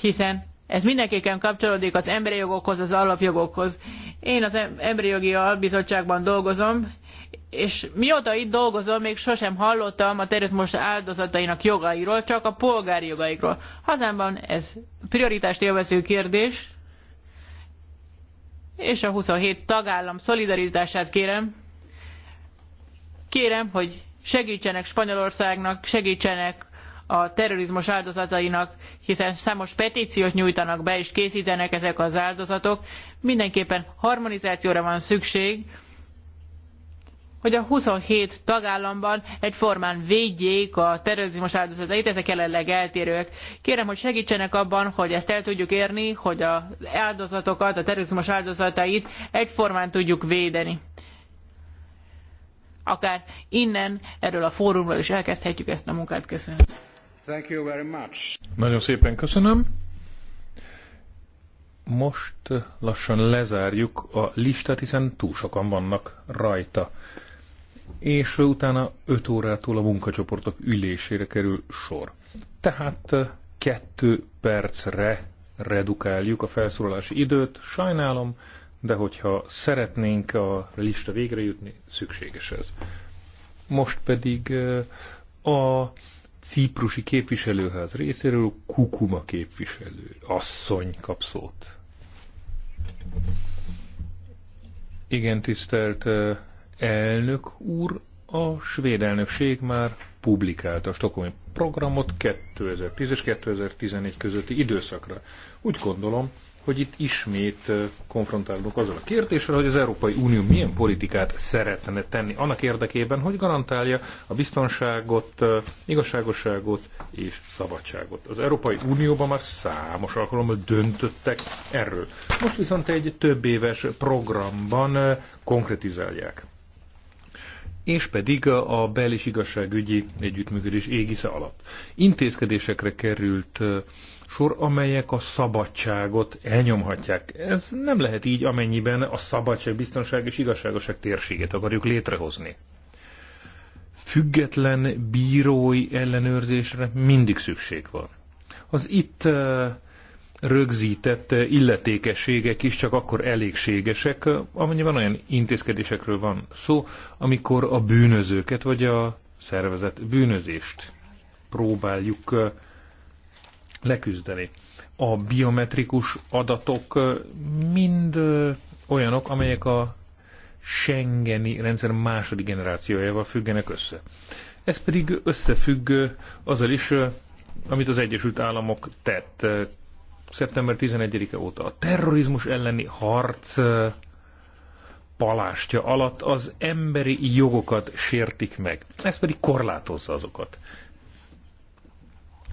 hiszen ez mindenképpen kapcsolódik az emberi jogokhoz, az alapjogokhoz. Én az Emberi Jogi Albizottságban dolgozom, és mióta itt dolgozom, még sosem hallottam a terrorizmus áldozatainak jogairól, csak a polgári jogaikról. Hazámban ez prioritást élvező kérdés, és a 27 tagállam szolidaritását kérem. Kérem, hogy segítsenek Spanyolországnak, segítsenek a terrorizmus áldozatainak, hiszen számos petíciót nyújtanak be és készítenek ezek az áldozatok. Mindenképpen harmonizációra van szükség, hogy a 27 tagállamban egyformán védjék a terrorizmus áldozatait, ezek jelenleg eltérőek. Kérem, hogy segítsenek abban, hogy ezt el tudjuk érni, hogy az áldozatokat, a terrorizmus áldozatait egyformán tudjuk védeni. Akár innen, erről a fórumról is elkezdhetjük ezt a munkát. Köszönöm. Thank you very much. Nagyon szépen köszönöm. Most lassan lezárjuk a listát, hiszen túl sokan vannak rajta és utána 5 órától a munkacsoportok ülésére kerül sor. Tehát 2 percre redukáljuk a felszólalási időt, sajnálom, de hogyha szeretnénk a lista végre jutni, szükséges ez. Most pedig a ciprusi képviselőház részéről Kukuma képviselő asszony kap szót. Igen, tisztelt elnök úr, a svéd elnökség már publikálta a stokholmi programot 2010 és 2014 közötti időszakra. Úgy gondolom, hogy itt ismét konfrontálunk azzal a kérdéssel, hogy az Európai Unió milyen politikát szeretne tenni annak érdekében, hogy garantálja a biztonságot, igazságosságot és szabadságot. Az Európai Unióban már számos alkalommal döntöttek erről. Most viszont egy több éves programban konkretizálják és pedig a bel- és igazságügyi együttműködés égisze alatt. Intézkedésekre került sor, amelyek a szabadságot elnyomhatják. Ez nem lehet így, amennyiben a szabadság, biztonság és igazságoság térségét akarjuk létrehozni. Független bírói ellenőrzésre mindig szükség van. Az itt rögzített illetékességek is csak akkor elégségesek, amennyiben olyan intézkedésekről van szó, amikor a bűnözőket vagy a szervezet bűnözést próbáljuk leküzdeni. A biometrikus adatok mind olyanok, amelyek a Schengeni rendszer második generációjával függenek össze. Ez pedig összefügg azzal is, amit az Egyesült Államok tett szeptember 11-e óta a terrorizmus elleni harc palástja alatt az emberi jogokat sértik meg. Ez pedig korlátozza azokat.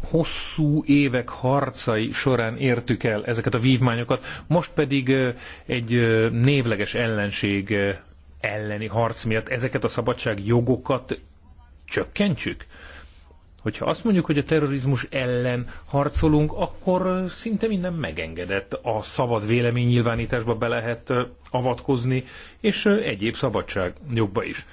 Hosszú évek harcai során értük el ezeket a vívmányokat, most pedig egy névleges ellenség elleni harc miatt ezeket a szabadságjogokat csökkentsük? Hogyha azt mondjuk, hogy a terrorizmus ellen harcolunk, akkor szinte minden megengedett. A szabad nyilvánításba be lehet avatkozni, és egyéb szabadság jobba is.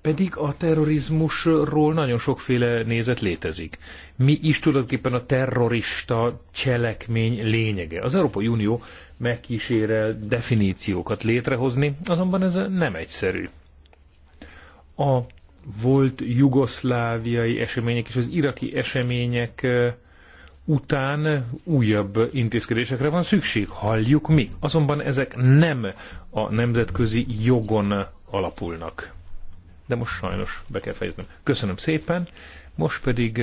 Pedig a terrorizmusról nagyon sokféle nézet létezik. Mi is tulajdonképpen a terrorista cselekmény lényege. Az Európai Unió megkísérel definíciókat létrehozni, azonban ez nem egyszerű. A volt jugoszláviai események és az iraki események után újabb intézkedésekre van szükség, halljuk mi. Azonban ezek nem a nemzetközi jogon alapulnak. De most sajnos be kell fejeznem. Köszönöm szépen. Most pedig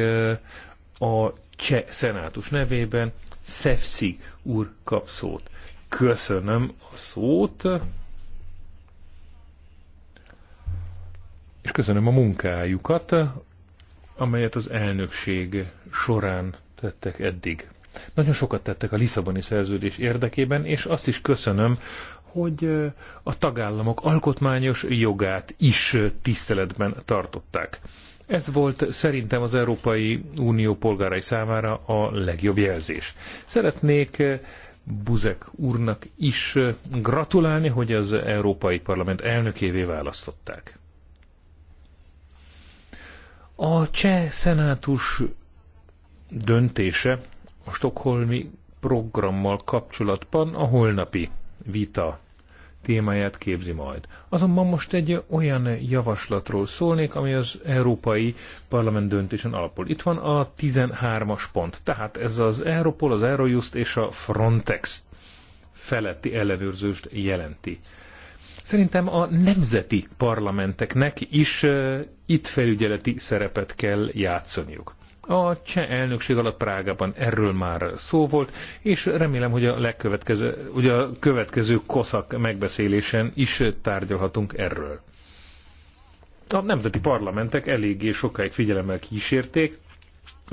a cseh szenátus nevében Szefszi úr kap szót. Köszönöm a szót. és köszönöm a munkájukat, amelyet az elnökség során tettek eddig. Nagyon sokat tettek a Lisszaboni szerződés érdekében, és azt is köszönöm, hogy a tagállamok alkotmányos jogát is tiszteletben tartották. Ez volt szerintem az Európai Unió polgárai számára a legjobb jelzés. Szeretnék Buzek úrnak is gratulálni, hogy az Európai Parlament elnökévé választották. A cseh szenátus döntése a stokholmi programmal kapcsolatban a holnapi vita témáját képzi majd. Azonban most egy olyan javaslatról szólnék, ami az Európai Parlament döntésen alapul. Itt van a 13-as pont, tehát ez az Europol, az Eurojust és a Frontex feletti ellenőrzőst jelenti. Szerintem a nemzeti parlamenteknek is itt felügyeleti szerepet kell játszaniuk. A cseh elnökség alatt Prágában erről már szó volt, és remélem, hogy a, legkövetkező, hogy a következő koszak megbeszélésen is tárgyalhatunk erről. A nemzeti parlamentek eléggé sokáig figyelemmel kísérték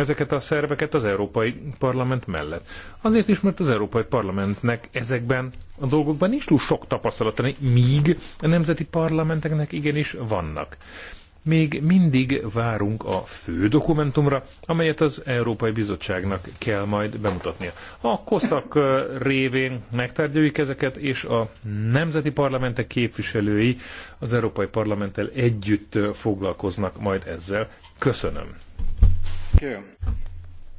ezeket a szerveket az Európai Parlament mellett. Azért is, mert az Európai Parlamentnek ezekben a dolgokban nincs túl sok tapasztalata, míg a nemzeti parlamenteknek igenis vannak. Még mindig várunk a fő dokumentumra, amelyet az Európai Bizottságnak kell majd bemutatnia. A koszak révén megtárgyaljuk ezeket, és a nemzeti parlamentek képviselői az Európai Parlamenttel együtt foglalkoznak majd ezzel. Köszönöm.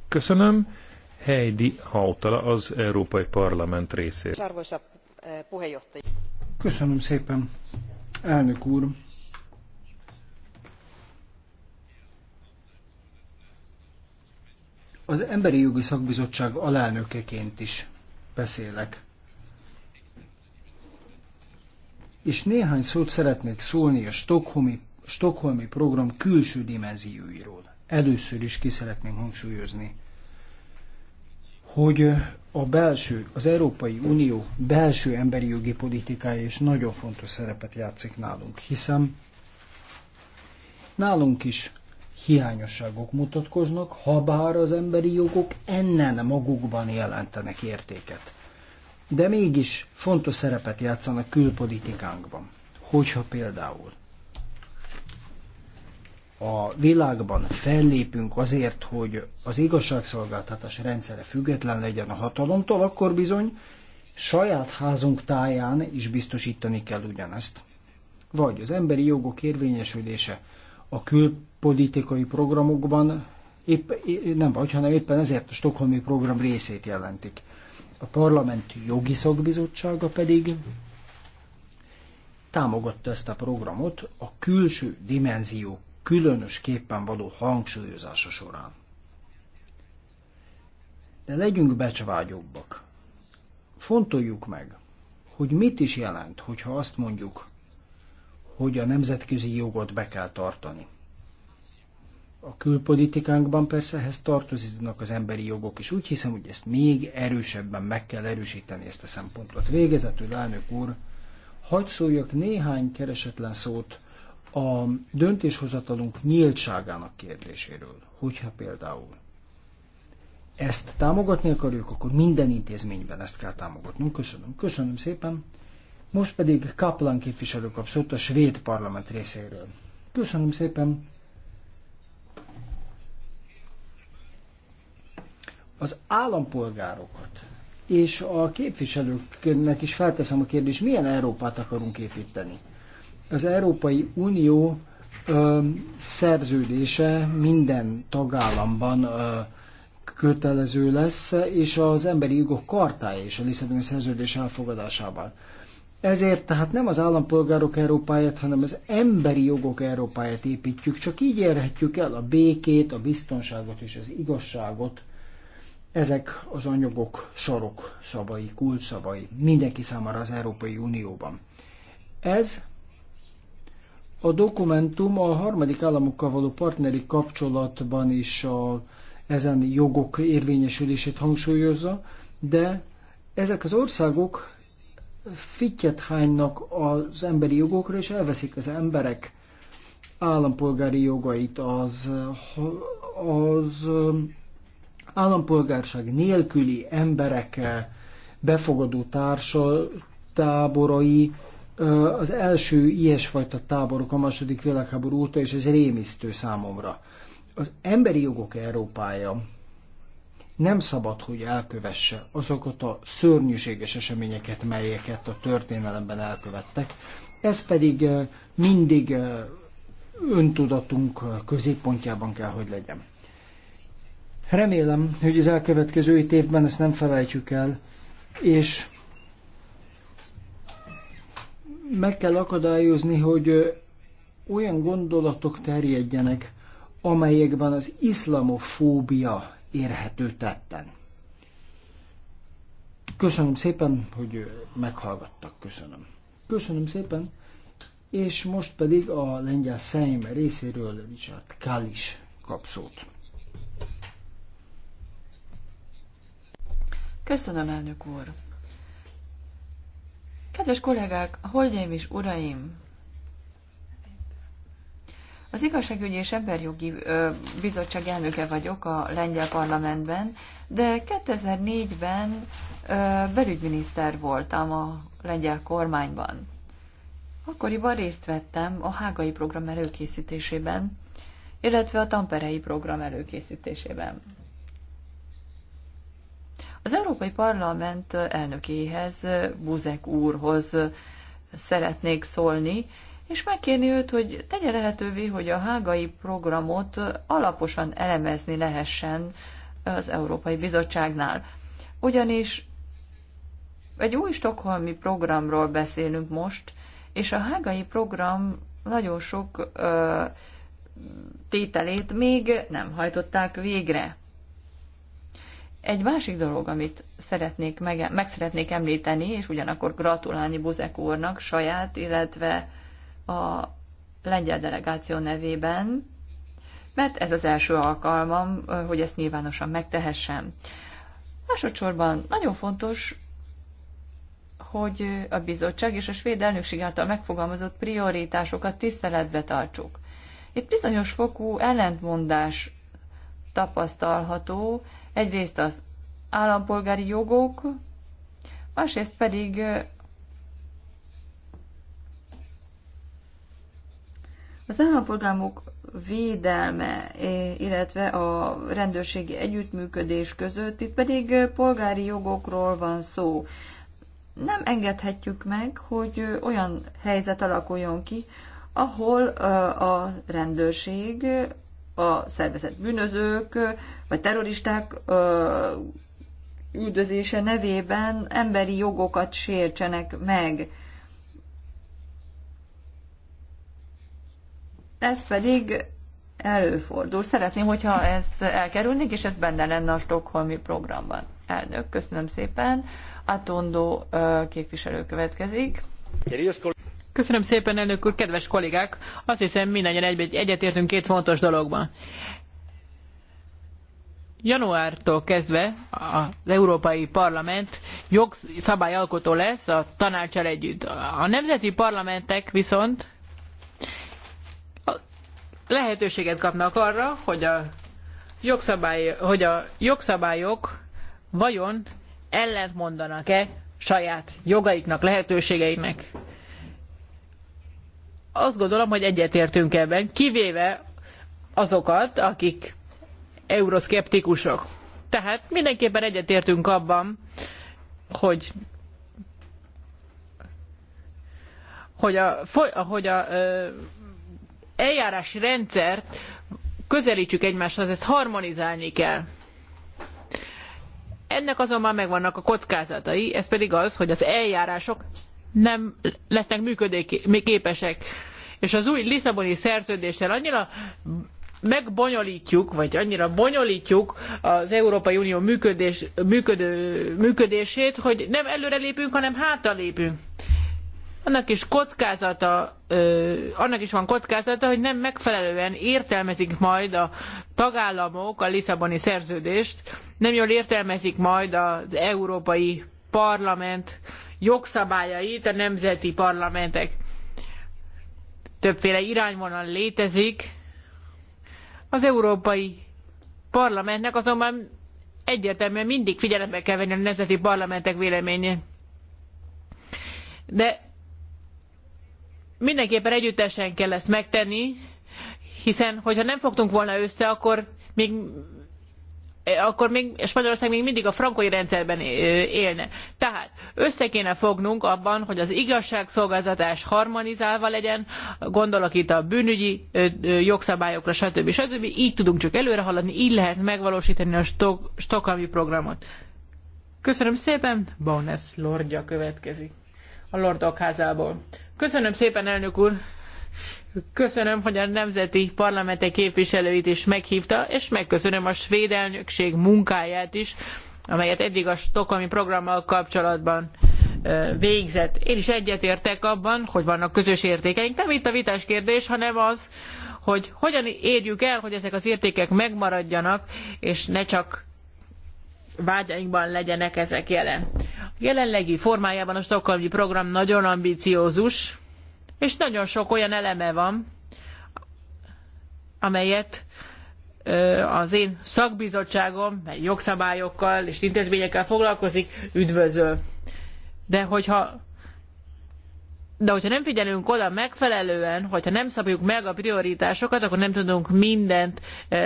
Köszönöm. Heidi Hautala az Európai Parlament részéről. Arvoisa eh, puheenjohtaja. Köszönöm szépen, elnök úr. Az Emberi Jogi Szakbizottság alelnökeként is beszélek. És néhány szót szeretnék szólni a Stockholmi, Stockholmi program külső dimenzióiról. Először is ki szeretném hangsúlyozni, hogy a belső, az Európai Unió belső emberi jogi politikája is nagyon fontos szerepet játszik nálunk, hiszen nálunk is hiányosságok mutatkoznak, ha bár az emberi jogok ennen magukban jelentenek értéket. De mégis fontos szerepet játszanak külpolitikánkban. Hogyha például a világban fellépünk azért, hogy az igazságszolgáltatás rendszere független legyen a hatalomtól, akkor bizony saját házunk táján is biztosítani kell ugyanezt. Vagy az emberi jogok érvényesülése a külpolitikai programokban épp, nem vagy, hanem éppen ezért a Stockholmi program részét jelentik. A parlament jogi szakbizottsága pedig támogatta ezt a programot a külső dimenziók különösképpen való hangsúlyozása során. De legyünk becsvágyobbak. Fontoljuk meg, hogy mit is jelent, hogyha azt mondjuk, hogy a nemzetközi jogot be kell tartani. A külpolitikánkban persze ehhez tartoznak az emberi jogok, és úgy hiszem, hogy ezt még erősebben meg kell erősíteni ezt a szempontot. Végezetül, elnök úr, hagyd szóljak néhány keresetlen szót a döntéshozatalunk nyíltságának kérdéséről, hogyha például ezt támogatni akarjuk, akkor minden intézményben ezt kell támogatnunk. Köszönöm. Köszönöm szépen. Most pedig Kaplan képviselő kap a svéd parlament részéről. Köszönöm szépen. Az állampolgárokat és a képviselőknek is felteszem a kérdést, milyen Európát akarunk építeni? Az Európai Unió ö, szerződése minden tagállamban ö, kötelező lesz, és az emberi jogok kartája és a Lisszaboni szerződés elfogadásával. Ezért tehát nem az állampolgárok Európáját, hanem az emberi jogok Európáját építjük, csak így érhetjük el a békét, a biztonságot és az igazságot. Ezek az anyagok sarok szavai, kulcsszavai mindenki számára az Európai Unióban. Ez a dokumentum a harmadik államokkal való partneri kapcsolatban is a, ezen jogok érvényesülését hangsúlyozza, de ezek az országok fittyet hánynak az emberi jogokra, és elveszik az emberek állampolgári jogait, az, az állampolgárság nélküli emberek befogadó társa táborai az első ilyesfajta táborok a második világháború óta, és ez rémisztő számomra. Az emberi jogok Európája nem szabad, hogy elkövesse azokat a szörnyűséges eseményeket, melyeket a történelemben elkövettek. Ez pedig mindig öntudatunk középpontjában kell, hogy legyen. Remélem, hogy az elkövetkező évben ezt nem felejtjük el, és meg kell akadályozni, hogy olyan gondolatok terjedjenek, amelyekben az iszlamofóbia érhető tetten. Köszönöm szépen, hogy meghallgattak. Köszönöm. Köszönöm szépen, és most pedig a lengyel Szeim részéről Richard Kalis kapszót. Köszönöm, elnök úr. Kedves kollégák, hölgyeim és uraim! Az igazságügyi és emberjogi bizottság elnöke vagyok a lengyel parlamentben, de 2004-ben belügyminiszter voltam a lengyel kormányban. Akkoriban részt vettem a hágai program előkészítésében, illetve a tamperei program előkészítésében. Az Európai Parlament elnökéhez, Buzek úrhoz szeretnék szólni, és megkérni őt, hogy tegye lehetővé, hogy a hágai programot alaposan elemezni lehessen az Európai Bizottságnál. Ugyanis egy új stokholmi programról beszélünk most, és a hágai program nagyon sok ö, tételét még nem hajtották végre. Egy másik dolog, amit szeretnék meg, meg szeretnék említeni, és ugyanakkor gratulálni Buzek úrnak saját, illetve a lengyel delegáció nevében, mert ez az első alkalmam, hogy ezt nyilvánosan megtehessem. Másodszorban nagyon fontos, hogy a bizottság és a svéd elnökség által megfogalmazott prioritásokat tiszteletbe tartsuk. Itt bizonyos fokú ellentmondás tapasztalható, Egyrészt az állampolgári jogok, másrészt pedig az állampolgárok védelme, illetve a rendőrségi együttműködés között, itt pedig polgári jogokról van szó. Nem engedhetjük meg, hogy olyan helyzet alakuljon ki, ahol a rendőrség a szervezet bűnözők vagy terroristák üldözése nevében emberi jogokat sértsenek meg. Ez pedig előfordul. Szeretném, hogyha ezt elkerülnék, és ez benne lenne a Stockholmi programban. Elnök, köszönöm szépen. Atondó képviselő következik. Köszönöm szépen, elnök úr, kedves kollégák! Azt hiszem, mindannyian egy- egyetértünk két fontos dologban. Januártól kezdve az Európai Parlament jogszabályalkotó lesz a tanácsal együtt. A nemzeti parlamentek viszont lehetőséget kapnak arra, hogy a, jogszabály, hogy a jogszabályok vajon ellentmondanak-e saját jogaiknak, lehetőségeiknek azt gondolom, hogy egyetértünk ebben, kivéve azokat, akik euroszkeptikusok. Tehát mindenképpen egyetértünk abban, hogy hogy a, hogy a eljárási rendszert közelítsük egymáshoz, ezt harmonizálni kell. Ennek azonban megvannak a kockázatai, ez pedig az, hogy az eljárások nem lesznek működőképesek. És az új Lisszaboni szerződéssel annyira megbonyolítjuk, vagy annyira bonyolítjuk az Európai Unió működés, működő, működését, hogy nem előrelépünk, hanem hátralépünk. Annak is kockázata, annak is van kockázata, hogy nem megfelelően értelmezik majd a tagállamok a Lisszaboni szerződést, nem jól értelmezik majd az Európai Parlament jogszabályait a nemzeti parlamentek. Többféle irányvonal létezik. Az Európai Parlamentnek azonban egyértelműen mindig figyelembe kell venni a nemzeti parlamentek véleményét. De mindenképpen együttesen kell ezt megtenni, hiszen hogyha nem fogtunk volna össze, akkor még akkor még Spanyolország még mindig a frankói rendszerben élne. Tehát össze kéne fognunk abban, hogy az igazságszolgáltatás harmonizálva legyen, gondolok itt a bűnügyi jogszabályokra, stb. stb. Így tudunk csak előre haladni, így lehet megvalósítani a stokami programot. Köszönöm szépen, Bones Lordja következik a Lordok házából. Köszönöm szépen, elnök úr! Köszönöm, hogy a nemzeti parlamenti képviselőit is meghívta, és megköszönöm a svéd elnökség munkáját is, amelyet eddig a stokholmi programmal kapcsolatban végzett. Én is egyetértek abban, hogy vannak közös értékeink. Nem itt a vitás kérdés, hanem az, hogy hogyan érjük el, hogy ezek az értékek megmaradjanak, és ne csak vágyainkban legyenek ezek jelen. A jelenlegi formájában a stokholmi program nagyon ambiciózus, és nagyon sok olyan eleme van, amelyet az én szakbizottságom, mely jogszabályokkal és intézményekkel foglalkozik, üdvözöl. De hogyha de hogyha nem figyelünk oda megfelelően, hogyha nem szabjuk meg a prioritásokat, akkor nem tudunk mindent,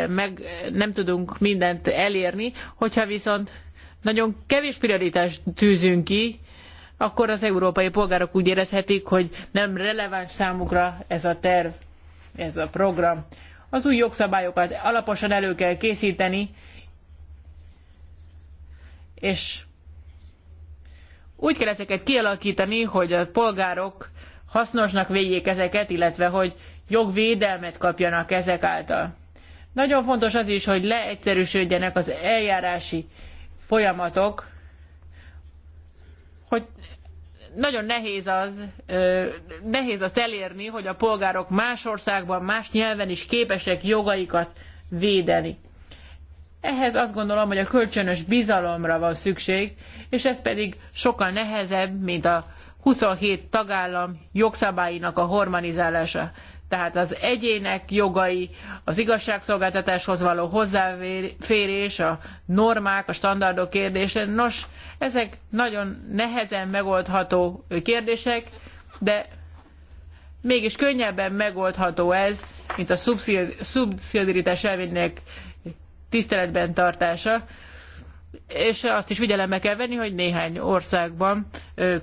meg, nem tudunk mindent elérni, hogyha viszont nagyon kevés prioritást tűzünk ki, akkor az európai polgárok úgy érezhetik, hogy nem releváns számukra ez a terv, ez a program. Az új jogszabályokat alaposan elő kell készíteni, és úgy kell ezeket kialakítani, hogy a polgárok hasznosnak védjék ezeket, illetve hogy jogvédelmet kapjanak ezek által. Nagyon fontos az is, hogy leegyszerűsödjenek az eljárási folyamatok, nagyon nehéz az, nehéz azt elérni, hogy a polgárok más országban, más nyelven is képesek jogaikat védeni. Ehhez azt gondolom, hogy a kölcsönös bizalomra van szükség, és ez pedig sokkal nehezebb, mint a 27 tagállam jogszabályainak a harmonizálása tehát az egyének jogai, az igazságszolgáltatáshoz való hozzáférés, a normák, a standardok kérdése. Nos, ezek nagyon nehezen megoldható kérdések, de mégis könnyebben megoldható ez, mint a szubszidiaritás elvének tiszteletben tartása. És azt is figyelembe kell venni, hogy néhány országban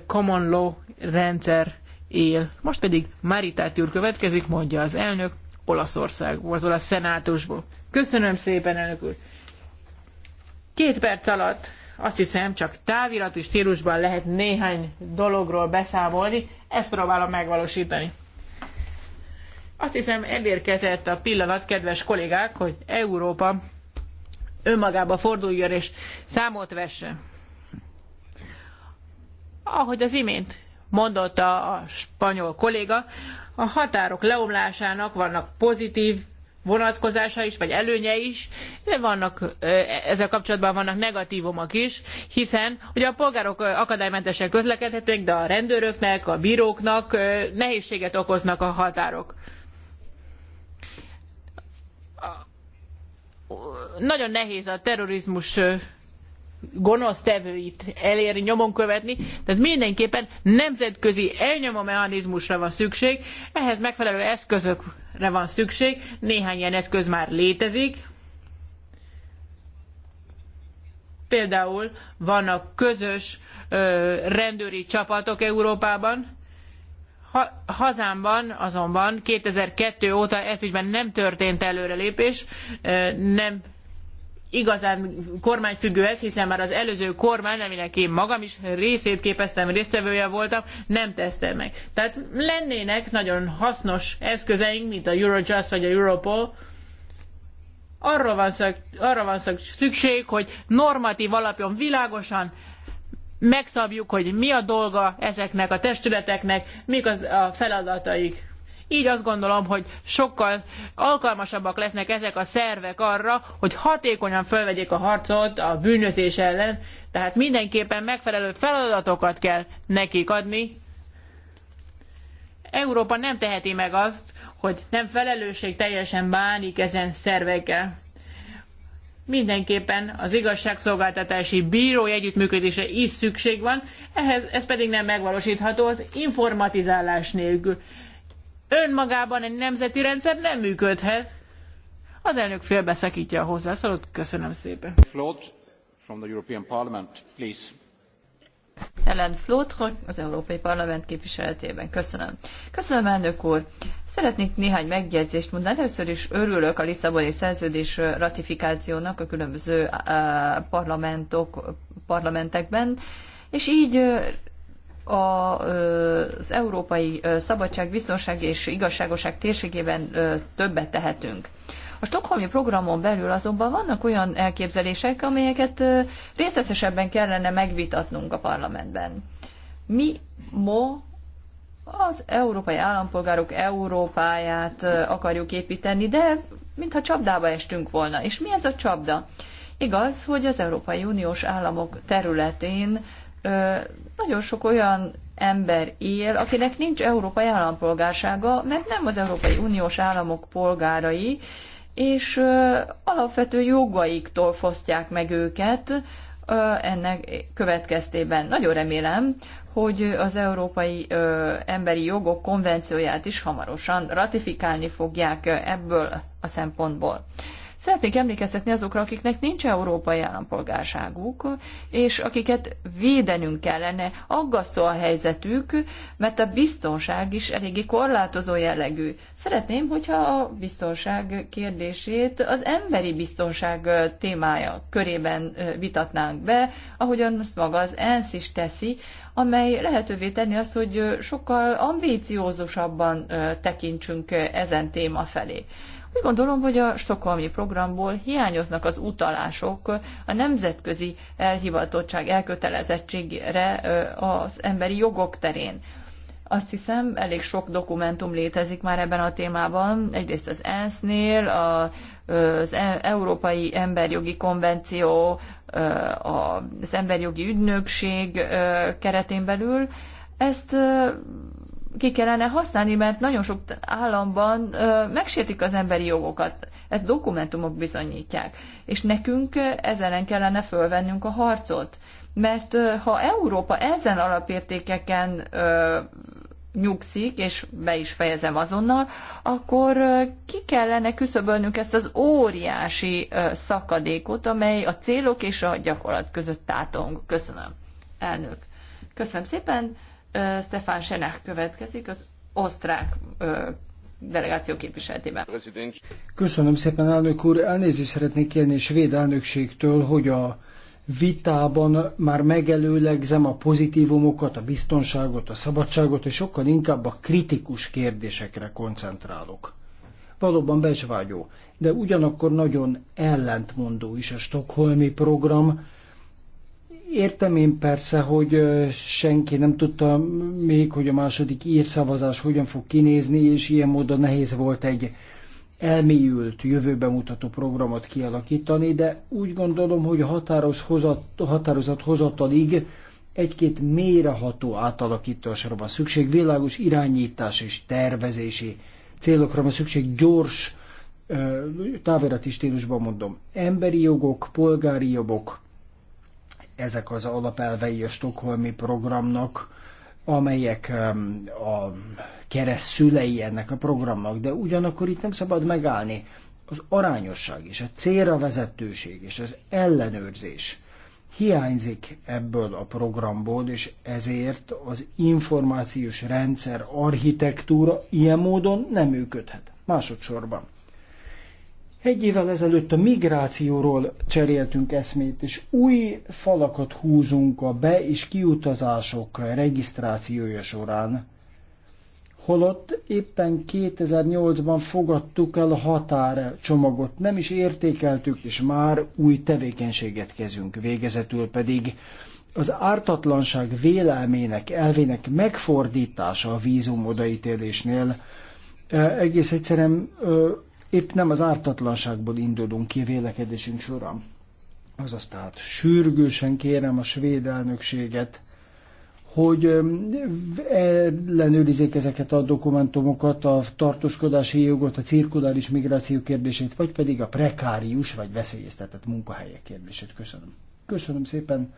common law rendszer él. Most pedig Maritát úr következik, mondja az elnök, Olaszországból, az olasz szenátusból. Köszönöm szépen, elnök úr. Két perc alatt azt hiszem csak távirati stílusban lehet néhány dologról beszámolni, ezt próbálom megvalósítani. Azt hiszem elérkezett a pillanat, kedves kollégák, hogy Európa önmagába forduljon és számot vesse. Ahogy az imént mondott a, a spanyol kolléga, a határok leomlásának vannak pozitív vonatkozása is, vagy előnye is, de vannak, ezzel kapcsolatban vannak negatívumok is, hiszen ugye a polgárok akadálymentesen közlekedhetnek, de a rendőröknek, a bíróknak nehézséget okoznak a határok. Nagyon nehéz a terrorizmus gonosztevőit elérni, nyomon követni, tehát mindenképpen nemzetközi elnyomó mechanizmusra van szükség, ehhez megfelelő eszközökre van szükség, néhány ilyen eszköz már létezik, például vannak közös rendőri csapatok Európában, ha, hazámban azonban 2002 óta ez ügyben nem történt előrelépés, nem igazán kormányfüggő ez, hiszen már az előző kormány, aminek én magam is részét képeztem, résztvevője voltam, nem teszte meg. Tehát lennének nagyon hasznos eszközeink, mint a Eurojust vagy a Europol, arra van, arra van szükség, hogy normatív alapon világosan megszabjuk, hogy mi a dolga ezeknek a testületeknek, mik az a feladataik így azt gondolom, hogy sokkal alkalmasabbak lesznek ezek a szervek arra, hogy hatékonyan fölvegyék a harcot a bűnözés ellen, tehát mindenképpen megfelelő feladatokat kell nekik adni. Európa nem teheti meg azt, hogy nem felelősség teljesen bánik ezen szervekkel. Mindenképpen az igazságszolgáltatási bírói együttműködése is szükség van, ehhez ez pedig nem megvalósítható az informatizálás nélkül önmagában egy nemzeti rendszer nem működhet. Az elnök félbeszakítja a hozzászólót. Köszönöm szépen. from the European Parliament, please. Ellen Flótro, az Európai Parlament képviseletében. Köszönöm. Köszönöm, elnök úr. Szeretnék néhány megjegyzést mondani. Először is örülök a Lisszaboni szerződés ratifikációnak a különböző eh, parlamentok, parlamentekben, és így eh, az európai szabadság, biztonság és igazságoság térségében többet tehetünk. A stokholmi programon belül azonban vannak olyan elképzelések, amelyeket részletesebben kellene megvitatnunk a parlamentben. Mi mo az európai állampolgárok Európáját akarjuk építeni, de mintha csapdába estünk volna. És mi ez a csapda? Igaz, hogy az Európai Uniós államok területén nagyon sok olyan ember él, akinek nincs európai állampolgársága, mert nem az Európai Uniós államok polgárai, és alapvető jogaiktól fosztják meg őket ennek következtében. Nagyon remélem, hogy az Európai Emberi Jogok Konvencióját is hamarosan ratifikálni fogják ebből a szempontból. Szeretnék emlékeztetni azokra, akiknek nincs európai állampolgárságuk, és akiket védenünk kellene. Aggasztó a helyzetük, mert a biztonság is eléggé korlátozó jellegű. Szeretném, hogyha a biztonság kérdését az emberi biztonság témája körében vitatnánk be, ahogyan azt maga az ENSZ is teszi, amely lehetővé tenni azt, hogy sokkal ambíciózusabban tekintsünk ezen téma felé. Úgy gondolom, hogy a stokholmi programból hiányoznak az utalások a nemzetközi elhivatottság elkötelezettségre az emberi jogok terén. Azt hiszem, elég sok dokumentum létezik már ebben a témában. Egyrészt az ENSZ-nél, az e, Európai Emberjogi Konvenció, az Emberjogi Ügynökség keretén belül. Ezt ki kellene használni, mert nagyon sok államban ö, megsértik az emberi jogokat. Ezt dokumentumok bizonyítják. És nekünk ezen kellene fölvennünk a harcot. Mert ö, ha Európa ezen alapértékeken ö, nyugszik, és be is fejezem azonnal, akkor ki kellene küszöbölnünk ezt az óriási szakadékot, amely a célok és a gyakorlat között tátong. Köszönöm, elnök. Köszönöm szépen. Stefan Senek következik az osztrák delegáció képviseletében. Köszönöm szépen, elnök úr. Elnézést szeretnék kérni a svéd elnökségtől, hogy a vitában már megelőlegzem a pozitívumokat, a biztonságot, a szabadságot, és sokkal inkább a kritikus kérdésekre koncentrálok. Valóban becsvágyó, de ugyanakkor nagyon ellentmondó is a stokholmi program, Értem én persze, hogy senki nem tudta még, hogy a második írszavazás hogyan fog kinézni, és ilyen módon nehéz volt egy elmélyült, jövőbe mutató programot kialakítani, de úgy gondolom, hogy a határozat hozatalig egy-két mélyreható átalakításra van szükség, világos irányítás és tervezési célokra van szükség, gyors, távirati stílusban mondom, emberi jogok, polgári jogok, ezek az alapelvei a stokholmi programnak, amelyek um, a kereszt szülei ennek a programnak, de ugyanakkor itt nem szabad megállni. Az arányosság és a célra vezetőség és az ellenőrzés hiányzik ebből a programból, és ezért az információs rendszer architektúra ilyen módon nem működhet. Másodszorban egy évvel ezelőtt a migrációról cseréltünk eszmét, és új falakat húzunk a be- és kiutazások regisztrációja során. Holott éppen 2008-ban fogadtuk el a határ csomagot, nem is értékeltük, és már új tevékenységet kezünk. Végezetül pedig az ártatlanság vélelmének, elvének megfordítása a vízum odaítélésnél, egész egyszerűen épp nem az ártatlanságból indulunk ki vélekedésünk során. Azaz tehát sürgősen kérem a svéd elnökséget, hogy ellenőrizzék ezeket a dokumentumokat, a tartózkodási jogot, a cirkuláris migráció kérdését, vagy pedig a prekárius vagy veszélyeztetett munkahelyek kérdését. Köszönöm. Köszönöm szépen.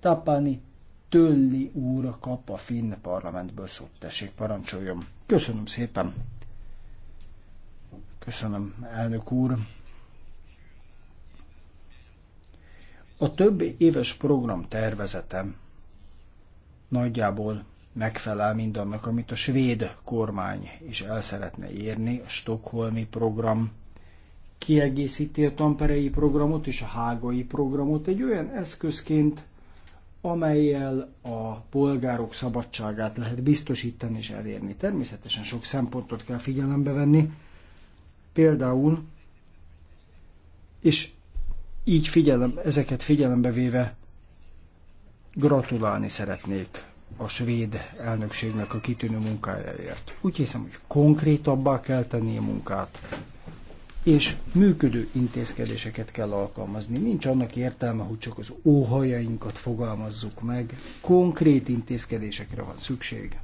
Tapáni Tölli úr kap a finn parlamentből szót. Tessék, parancsoljon. Köszönöm szépen. Köszönöm, elnök úr. A több éves program tervezete nagyjából megfelel mindannak, amit a svéd kormány is el szeretne érni, a stokholmi program kiegészíti a tamperei programot és a hágai programot egy olyan eszközként, amelyel a polgárok szabadságát lehet biztosítani és elérni. Természetesen sok szempontot kell figyelembe venni, Például, és így figyelem, ezeket figyelembe véve gratulálni szeretnék a svéd elnökségnek a kitűnő munkájáért. Úgy hiszem, hogy konkrétabbá kell tenni a munkát, és működő intézkedéseket kell alkalmazni. Nincs annak értelme, hogy csak az óhajainkat fogalmazzuk meg. Konkrét intézkedésekre van szükség.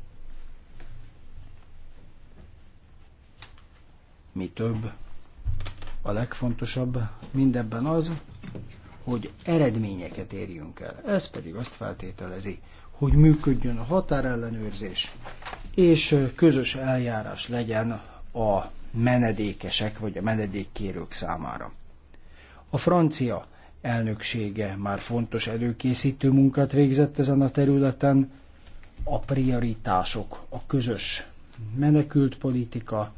mi több, a legfontosabb mindebben az, hogy eredményeket érjünk el. Ez pedig azt feltételezi, hogy működjön a határellenőrzés, és közös eljárás legyen a menedékesek vagy a menedékkérők számára. A francia elnöksége már fontos előkészítő munkát végzett ezen a területen, a prioritások, a közös menekültpolitika,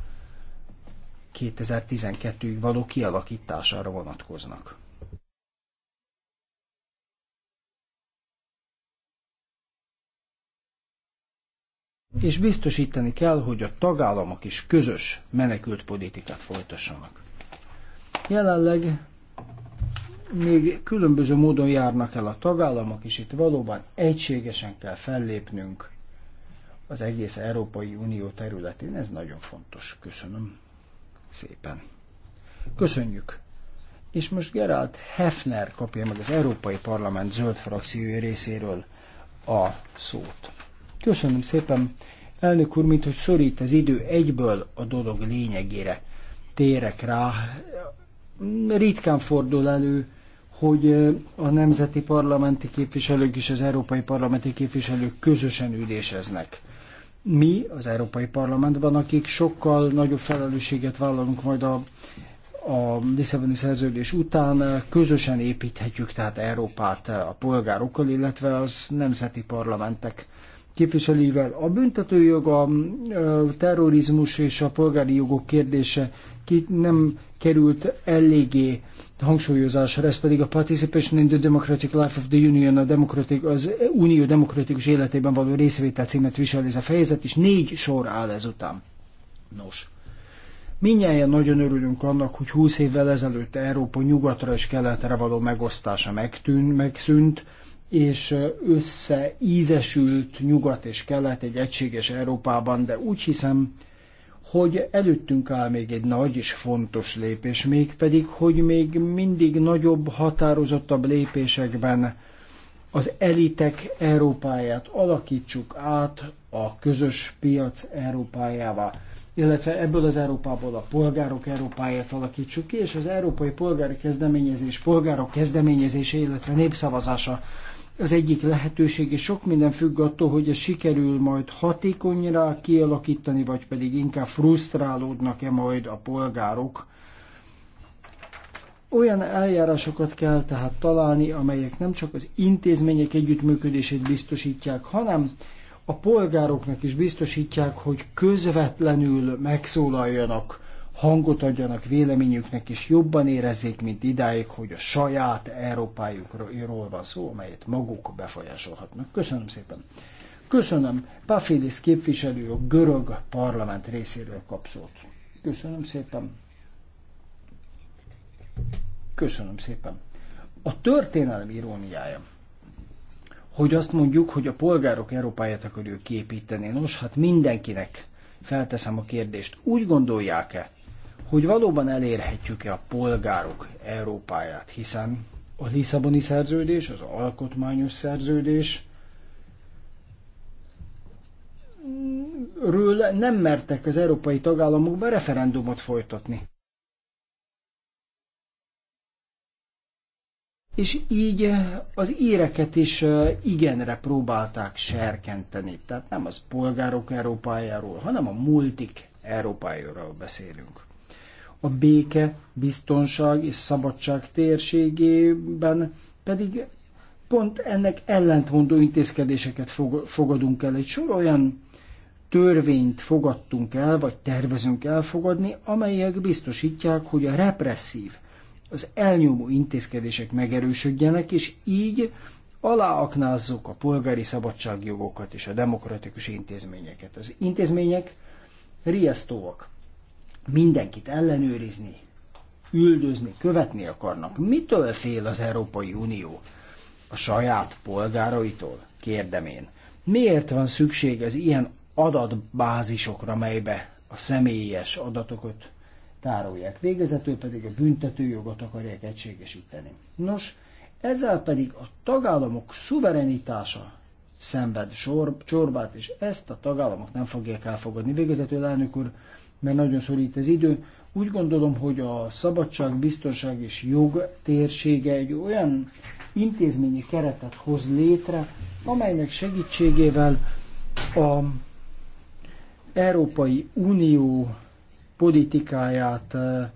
2012-ig való kialakítására vonatkoznak. És biztosítani kell, hogy a tagállamok is közös menekült politikát folytassanak. Jelenleg még különböző módon járnak el a tagállamok, és itt valóban egységesen kell fellépnünk az egész Európai Unió területén. Ez nagyon fontos. Köszönöm szépen. Köszönjük! És most Gerald Hefner kapja meg az Európai Parlament zöld frakciói részéről a szót. Köszönöm szépen! Elnök úr, mint hogy szorít az idő egyből a dolog lényegére térek rá. Ritkán fordul elő, hogy a nemzeti parlamenti képviselők és az európai parlamenti képviselők közösen üléseznek mi az Európai Parlamentben, akik sokkal nagyobb felelősséget vállalunk majd a, a Lisszaboni szerződés után, közösen építhetjük tehát Európát a polgárokkal, illetve az nemzeti parlamentek képviselőivel. A büntetőjog, a terrorizmus és a polgári jogok kérdése ki nem került eléggé hangsúlyozásra, ez pedig a Participation in the Democratic Life of the Union, a demokratik, az Unió demokratikus életében való részvétel címet visel ez a fejezet, és négy sor áll ezután. Nos, Mindjárt nagyon örülünk annak, hogy 20 évvel ezelőtt Európa nyugatra és keletre való megosztása megtűn, megszűnt, és összeízesült nyugat és kelet egy egységes Európában, de úgy hiszem, hogy előttünk áll még egy nagy és fontos lépés, mégpedig, hogy még mindig nagyobb, határozottabb lépésekben az elitek Európáját alakítsuk át a közös piac Európájává, illetve ebből az Európából a polgárok Európáját alakítsuk ki, és az európai polgári kezdeményezés, polgárok kezdeményezése, illetve népszavazása az egyik lehetőség, és sok minden függ attól, hogy ez sikerül majd hatékonyra kialakítani, vagy pedig inkább frusztrálódnak-e majd a polgárok. Olyan eljárásokat kell tehát találni, amelyek nem csak az intézmények együttműködését biztosítják, hanem a polgároknak is biztosítják, hogy közvetlenül megszólaljanak hangot adjanak véleményüknek, és jobban érezzék, mint idáig, hogy a saját Európájukról van szó, amelyet maguk befolyásolhatnak. Köszönöm szépen! Köszönöm, Pafilis képviselő a görög parlament részéről kap szót. Köszönöm szépen! Köszönöm szépen! A történelem iróniája hogy azt mondjuk, hogy a polgárok Európáját akarjuk képíteni. Nos, hát mindenkinek felteszem a kérdést. Úgy gondolják-e, hogy valóban elérhetjük-e a polgárok Európáját, hiszen a Lisszaboni szerződés, az alkotmányos szerződés ről nem mertek az európai tagállamokban referendumot folytatni. És így az éreket is igenre próbálták serkenteni. Tehát nem az polgárok Európájáról, hanem a multik Európájáról beszélünk a béke, biztonság és szabadság térségében pedig pont ennek ellentmondó intézkedéseket fogadunk el. Egy sor olyan törvényt fogadtunk el, vagy tervezünk elfogadni, amelyek biztosítják, hogy a represszív, az elnyomó intézkedések megerősödjenek, és így aláaknázzuk a polgári szabadságjogokat és a demokratikus intézményeket. Az intézmények riasztóak mindenkit ellenőrizni, üldözni, követni akarnak. Mitől fél az Európai Unió? A saját polgáraitól? Kérdem én. Miért van szükség az ilyen adatbázisokra, melybe a személyes adatokat tárolják, végezetül pedig a büntetőjogot akarják egységesíteni. Nos, ezzel pedig a tagállamok szuverenitása szenved sor, csorbát, és ezt a tagállamok nem fogják elfogadni. Végezetül elnök úr, mert nagyon szorít az idő, úgy gondolom, hogy a szabadság, biztonság és jog térsége egy olyan intézményi keretet hoz létre, amelynek segítségével a Európai Unió politikáját eh,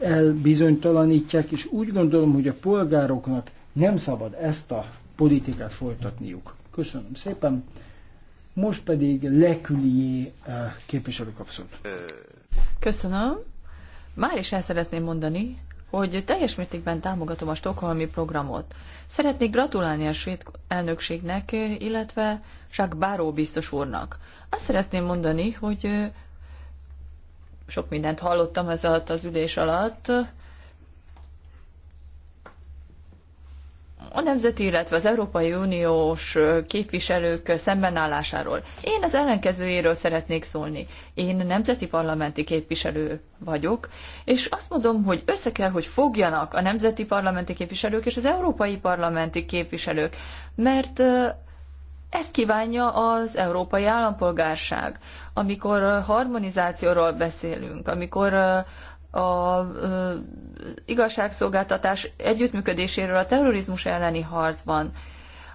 elbizonytalanítják, és úgy gondolom, hogy a polgároknak nem szabad ezt a politikát folytatniuk. Köszönöm szépen. Most pedig Lekülié eh, képviselő kapszott. Köszönöm. Már is el szeretném mondani, hogy teljes mértékben támogatom a stokholmi programot. Szeretnék gratulálni a svéd elnökségnek, illetve Jacques Báró biztos úrnak. Azt szeretném mondani, hogy eh, sok mindent hallottam ez alatt az ülés alatt, a nemzeti, illetve az Európai Uniós képviselők szembenállásáról. Én az ellenkezőjéről szeretnék szólni. Én nemzeti parlamenti képviselő vagyok, és azt mondom, hogy össze kell, hogy fogjanak a nemzeti parlamenti képviselők és az európai parlamenti képviselők, mert ezt kívánja az európai állampolgárság. Amikor harmonizációról beszélünk, amikor a ö, igazságszolgáltatás együttműködéséről a terrorizmus elleni harcban.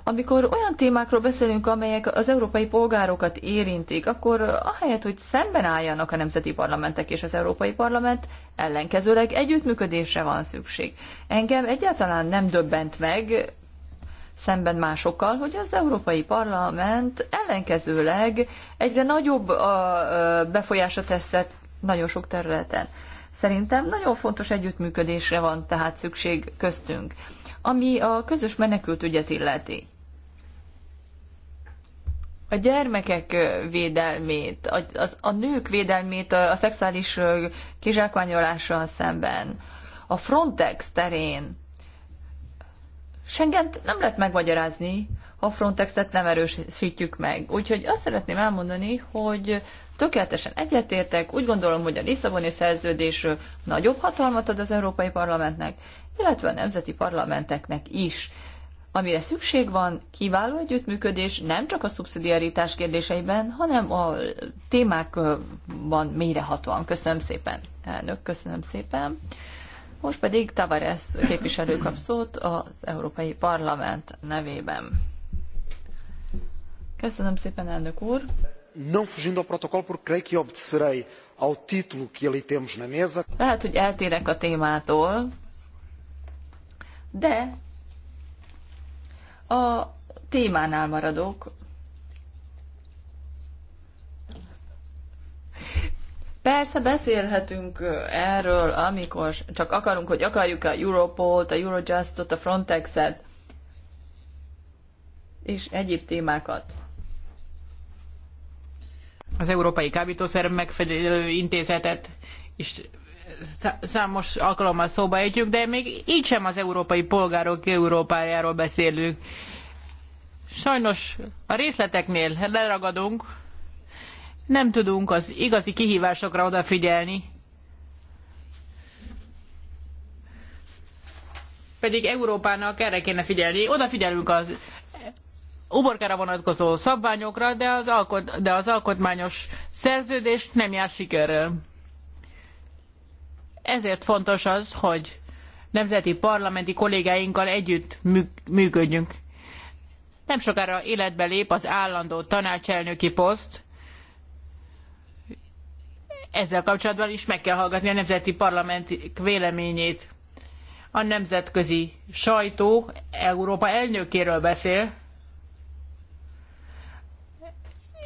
Amikor olyan témákról beszélünk, amelyek az európai polgárokat érintik, akkor ahelyett, hogy szemben álljanak a nemzeti parlamentek és az Európai Parlament, ellenkezőleg együttműködésre van szükség. Engem egyáltalán nem döbbent meg, szemben másokkal, hogy az Európai Parlament ellenkezőleg egyre nagyobb a befolyása teszett nagyon sok területen. Szerintem nagyon fontos együttműködésre van tehát szükség köztünk, ami a közös menekültügyet illeti. A gyermekek védelmét, a, az, a nők védelmét a, a szexuális kizsákmányolással szemben, a Frontex terén. Schengent nem lehet megmagyarázni, a Frontexet nem erősítjük meg. Úgyhogy azt szeretném elmondani, hogy tökéletesen egyetértek, úgy gondolom, hogy a Lisszaboni szerződés nagyobb hatalmat ad az Európai Parlamentnek, illetve a nemzeti parlamenteknek is. Amire szükség van, kiváló együttműködés nem csak a szubszidiaritás kérdéseiben, hanem a témákban mélyrehatóan. Köszönöm szépen, elnök, köszönöm szépen. Most pedig Tavares képviselő kap szót az Európai Parlament nevében. Köszönöm szépen, elnök úr. Não fugindo ao protocolo, porque creio que obedecerei ao título que ali temos na mesa. Lehet, hogy eltérek a témától, de a témánál maradok. Persze beszélhetünk erről, amikor csak akarunk, hogy akarjuk a Europolt, a Eurojustot, a Frontexet és egyéb témákat az Európai Kábítószer Megfelelő Intézetet és számos alkalommal szóba ejtjük, de még így sem az európai polgárok Európájáról beszélünk. Sajnos a részleteknél leragadunk, nem tudunk az igazi kihívásokra odafigyelni, pedig Európának erre kéne figyelni. Odafigyelünk az uborkára vonatkozó szabványokra, de az, alkot, de az alkotmányos szerződés nem jár sikerrel. Ezért fontos az, hogy nemzeti parlamenti kollégáinkkal együtt működjünk. Nem sokára életbe lép az állandó tanácselnöki poszt, ezzel kapcsolatban is meg kell hallgatni a nemzeti parlamentek véleményét. A nemzetközi sajtó Európa elnökéről beszél,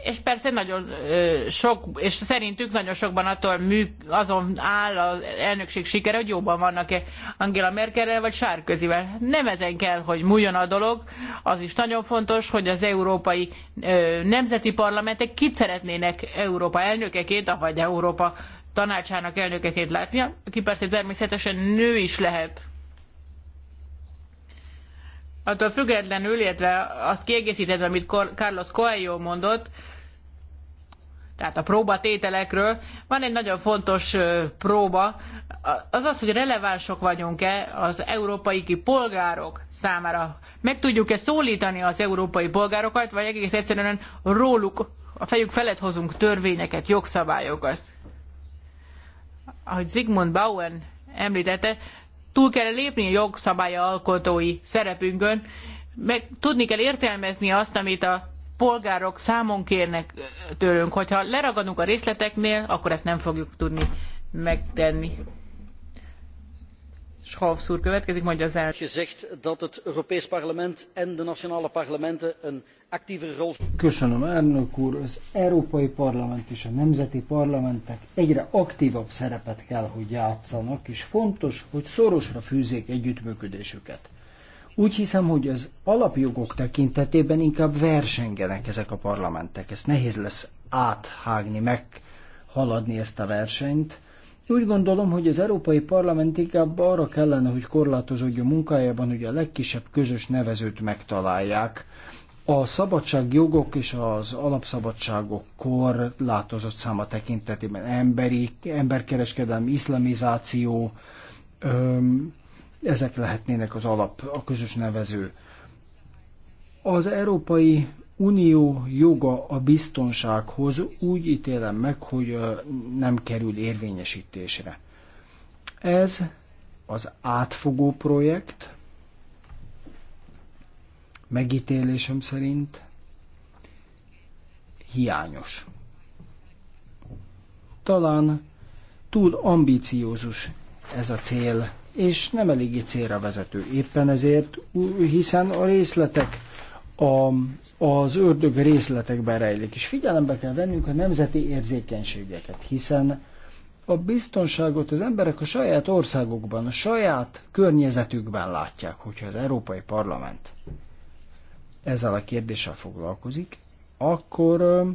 és persze nagyon sok, és szerintük nagyon sokban attól mű, azon áll az elnökség sikere, hogy jobban vannak-e Angela Merkelrel vagy Sárközivel. Nem ezen kell, hogy múljon a dolog. Az is nagyon fontos, hogy az európai nemzeti parlamentek kit szeretnének Európa elnökeként, vagy Európa tanácsának elnökeként látni, aki persze természetesen nő is lehet attól függetlenül, illetve azt kiegészítetve, amit Carlos Coelho mondott, tehát a próbatételekről, van egy nagyon fontos próba, az az, hogy relevánsok vagyunk-e az európai polgárok számára. Meg tudjuk-e szólítani az európai polgárokat, vagy egész egyszerűen róluk, a fejük felett hozunk törvényeket, jogszabályokat. Ahogy Zygmunt Bauer említette, túl kell lépni a jogszabálya alkotói szerepünkön, meg tudni kell értelmezni azt, amit a polgárok számon kérnek tőlünk. Hogyha leragadunk a részleteknél, akkor ezt nem fogjuk tudni megtenni. Scholz úr következik, mondja az el. Gezegd dat het Europees Parlement en de nationale parlementen een Köszönöm, elnök úr. Az Európai Parlament és a nemzeti parlamentek egyre aktívabb szerepet kell, hogy játszanak, és fontos, hogy szorosra fűzzék együttműködésüket. Úgy hiszem, hogy az alapjogok tekintetében inkább versengenek ezek a parlamentek. Ezt nehéz lesz áthágni, meghaladni ezt a versenyt. Úgy gondolom, hogy az Európai Parlament inkább arra kellene, hogy korlátozódjon munkájában, hogy a legkisebb közös nevezőt megtalálják a szabadságjogok és az alapszabadságok korlátozott száma tekintetében emberi, emberkereskedelmi, iszlamizáció, öm, ezek lehetnének az alap, a közös nevező. Az Európai Unió joga a biztonsághoz úgy ítélem meg, hogy nem kerül érvényesítésre. Ez az átfogó projekt, megítélésem szerint hiányos. Talán túl ambiciózus ez a cél, és nem eléggé célra vezető. Éppen ezért, hiszen a részletek, a, az ördög részletekbe rejlik, és figyelembe kell vennünk a nemzeti érzékenységeket, hiszen a biztonságot az emberek a saját országokban, a saját környezetükben látják, hogyha az Európai Parlament ezzel a kérdéssel foglalkozik, akkor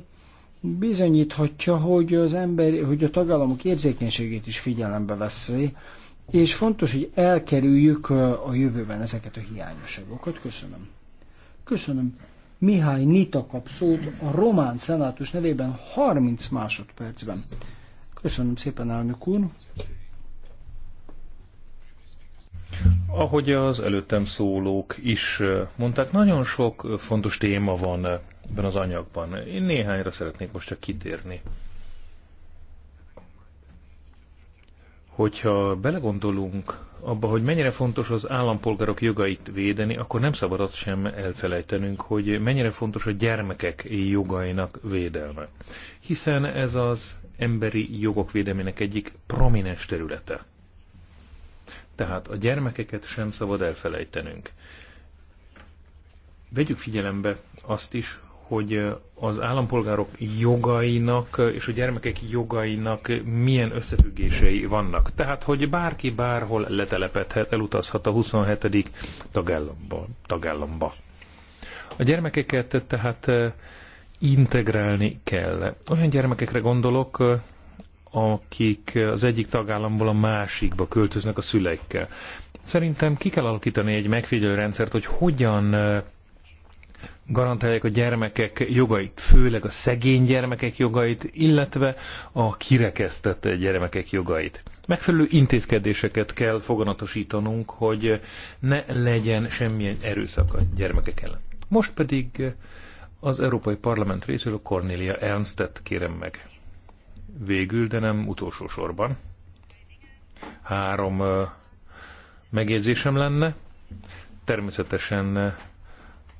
bizonyíthatja, hogy, az ember, hogy a tagállamok érzékenységét is figyelembe veszi, és fontos, hogy elkerüljük a jövőben ezeket a hiányosságokat. Köszönöm. Köszönöm. Mihály Nita kap szót a román szenátus nevében 30 másodpercben. Köszönöm szépen, elnök úr. Ahogy az előttem szólók is mondták, nagyon sok fontos téma van ebben az anyagban. Én néhányra szeretnék most csak kitérni. Hogyha belegondolunk abba, hogy mennyire fontos az állampolgárok jogait védeni, akkor nem szabad azt sem elfelejtenünk, hogy mennyire fontos a gyermekek jogainak védelme. Hiszen ez az emberi jogok védelmének egyik prominens területe. Tehát a gyermekeket sem szabad elfelejtenünk. Vegyük figyelembe azt is, hogy az állampolgárok jogainak és a gyermekek jogainak milyen összefüggései vannak. Tehát, hogy bárki bárhol letelepedhet, elutazhat a 27. tagállamba. tagállamba. A gyermekeket tehát integrálni kell. Olyan gyermekekre gondolok, akik az egyik tagállamból a másikba költöznek a szüleikkel. Szerintem ki kell alakítani egy megfigyelő rendszert, hogy hogyan garantálják a gyermekek jogait, főleg a szegény gyermekek jogait, illetve a kirekesztett gyermekek jogait. Megfelelő intézkedéseket kell foganatosítanunk, hogy ne legyen semmilyen erőszak a gyermekek ellen. Most pedig az Európai Parlament részéről Cornelia Ernstet kérem meg végül, de nem utolsó sorban. Három megjegyzésem lenne. Természetesen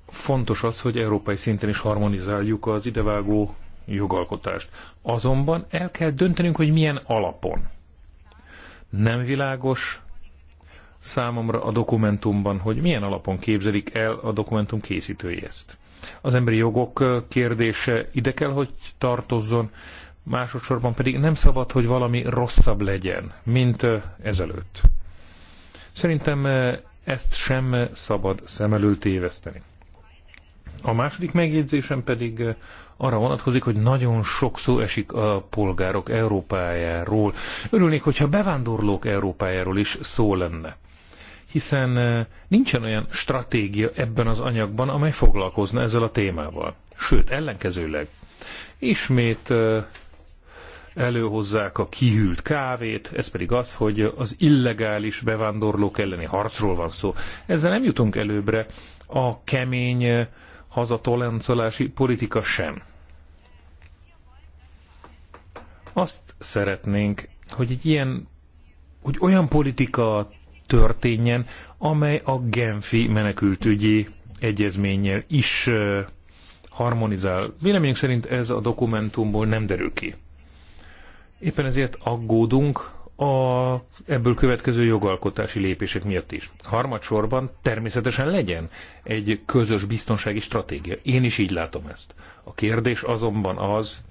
fontos az, hogy európai szinten is harmonizáljuk az idevágó jogalkotást. Azonban el kell döntenünk, hogy milyen alapon. Nem világos számomra a dokumentumban, hogy milyen alapon képzelik el a dokumentum készítői ezt. Az emberi jogok kérdése ide kell, hogy tartozzon, másodszorban pedig nem szabad, hogy valami rosszabb legyen, mint ezelőtt. Szerintem ezt sem szabad szem elől téveszteni. A második megjegyzésem pedig arra vonatkozik, hogy nagyon sok szó esik a polgárok Európájáról. Örülnék, hogyha bevándorlók Európájáról is szó lenne. Hiszen nincsen olyan stratégia ebben az anyagban, amely foglalkozna ezzel a témával. Sőt, ellenkezőleg. Ismét előhozzák a kihűlt kávét, ez pedig az, hogy az illegális bevándorlók elleni harcról van szó. Ezzel nem jutunk előbbre, a kemény eh, hazatoloncolási politika sem. Azt szeretnénk, hogy egy ilyen, hogy olyan politika történjen, amely a Genfi menekültügyi egyezménnyel is eh, harmonizál. Véleményünk szerint ez a dokumentumból nem derül ki. Éppen ezért aggódunk a ebből következő jogalkotási lépések miatt is. Harmadsorban természetesen legyen egy közös biztonsági stratégia. Én is így látom ezt. A kérdés azonban az,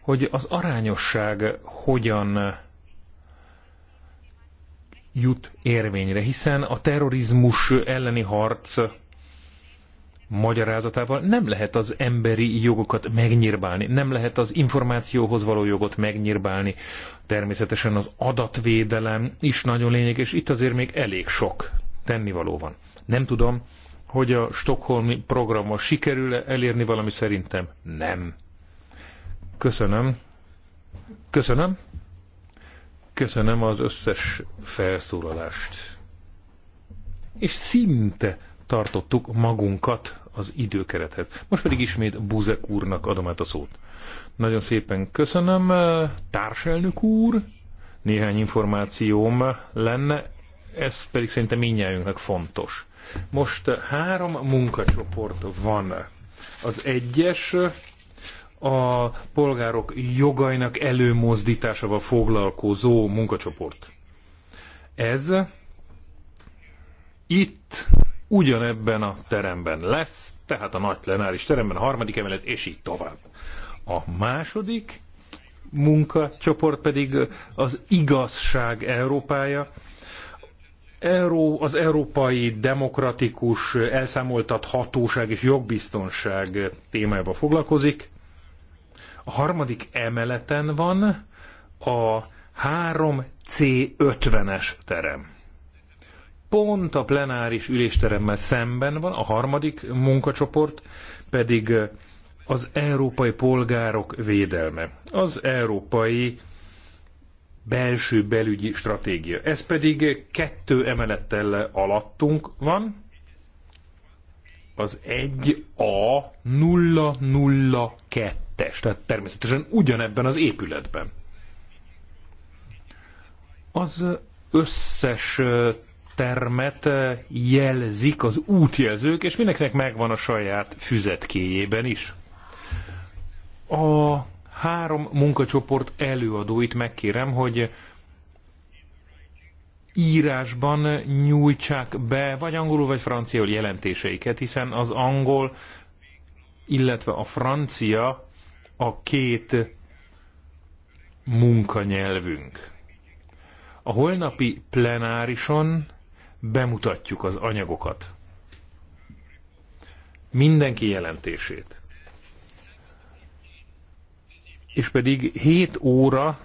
hogy az arányosság hogyan jut érvényre, hiszen a terrorizmus elleni harc magyarázatával nem lehet az emberi jogokat megnyírbálni, nem lehet az információhoz való jogot megnyírbálni. Természetesen az adatvédelem is nagyon lényeges, itt azért még elég sok tennivaló van. Nem tudom, hogy a Stockholmi programmal sikerül -e elérni valami szerintem nem. Köszönöm. Köszönöm. Köszönöm az összes felszólalást. És szinte tartottuk magunkat az időkerethez. Most pedig ismét Buzek úrnak adom át a szót. Nagyon szépen köszönöm, eh, társelnök úr. Néhány információm lenne, ez pedig szerintem minnyájunknak fontos. Most eh, három munkacsoport van. Az egyes a polgárok jogainak előmozdításával foglalkozó munkacsoport. Ez itt ugyanebben a teremben lesz, tehát a nagy plenáris teremben, a harmadik emelet, és így tovább. A második munkacsoport pedig az igazság Európája, Euró, az európai demokratikus hatóság és jogbiztonság témájába foglalkozik. A harmadik emeleten van a 3C50-es terem pont a plenáris ülésteremmel szemben van, a harmadik munkacsoport pedig az európai polgárok védelme, az európai belső belügyi stratégia. Ez pedig kettő emelettel alattunk van, az 1A 002-es, tehát természetesen ugyanebben az épületben. Az összes termet eh, jelzik az útjelzők, és mindenkinek megvan a saját füzetkéjében is. A három munkacsoport előadóit megkérem, hogy írásban nyújtsák be, vagy angolul, vagy francia jelentéseiket, hiszen az angol, illetve a francia a két munkanyelvünk. A holnapi plenárison bemutatjuk az anyagokat. Mindenki jelentését. És pedig 7 óra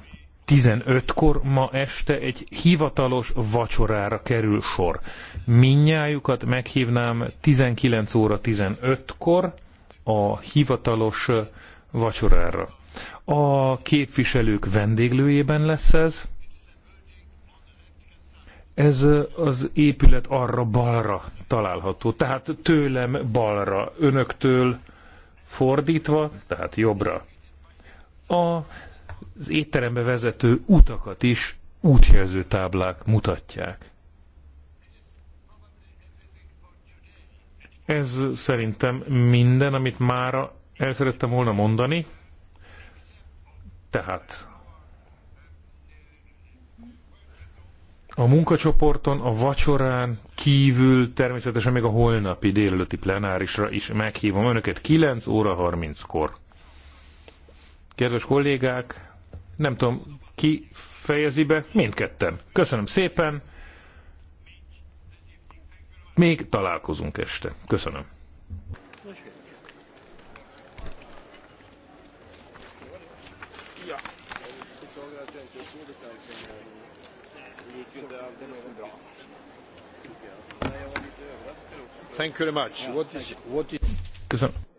15-kor ma este egy hivatalos vacsorára kerül sor. Minnyájukat meghívnám 19 óra 15-kor a hivatalos vacsorára. A képviselők vendéglőjében lesz ez, ez az épület arra balra található, tehát tőlem balra, önöktől fordítva, tehát jobbra. A, az étterembe vezető utakat is útjelző táblák mutatják. Ez szerintem minden, amit mára el szerettem volna mondani. Tehát a munkacsoporton, a vacsorán kívül természetesen még a holnapi délelőtti plenárisra is meghívom önöket 9 óra 30-kor. Kedves kollégák, nem tudom, ki fejezi be? Mindketten. Köszönöm szépen. Még találkozunk este. Köszönöm. Thank you very much. What is, what is... Köszönöm.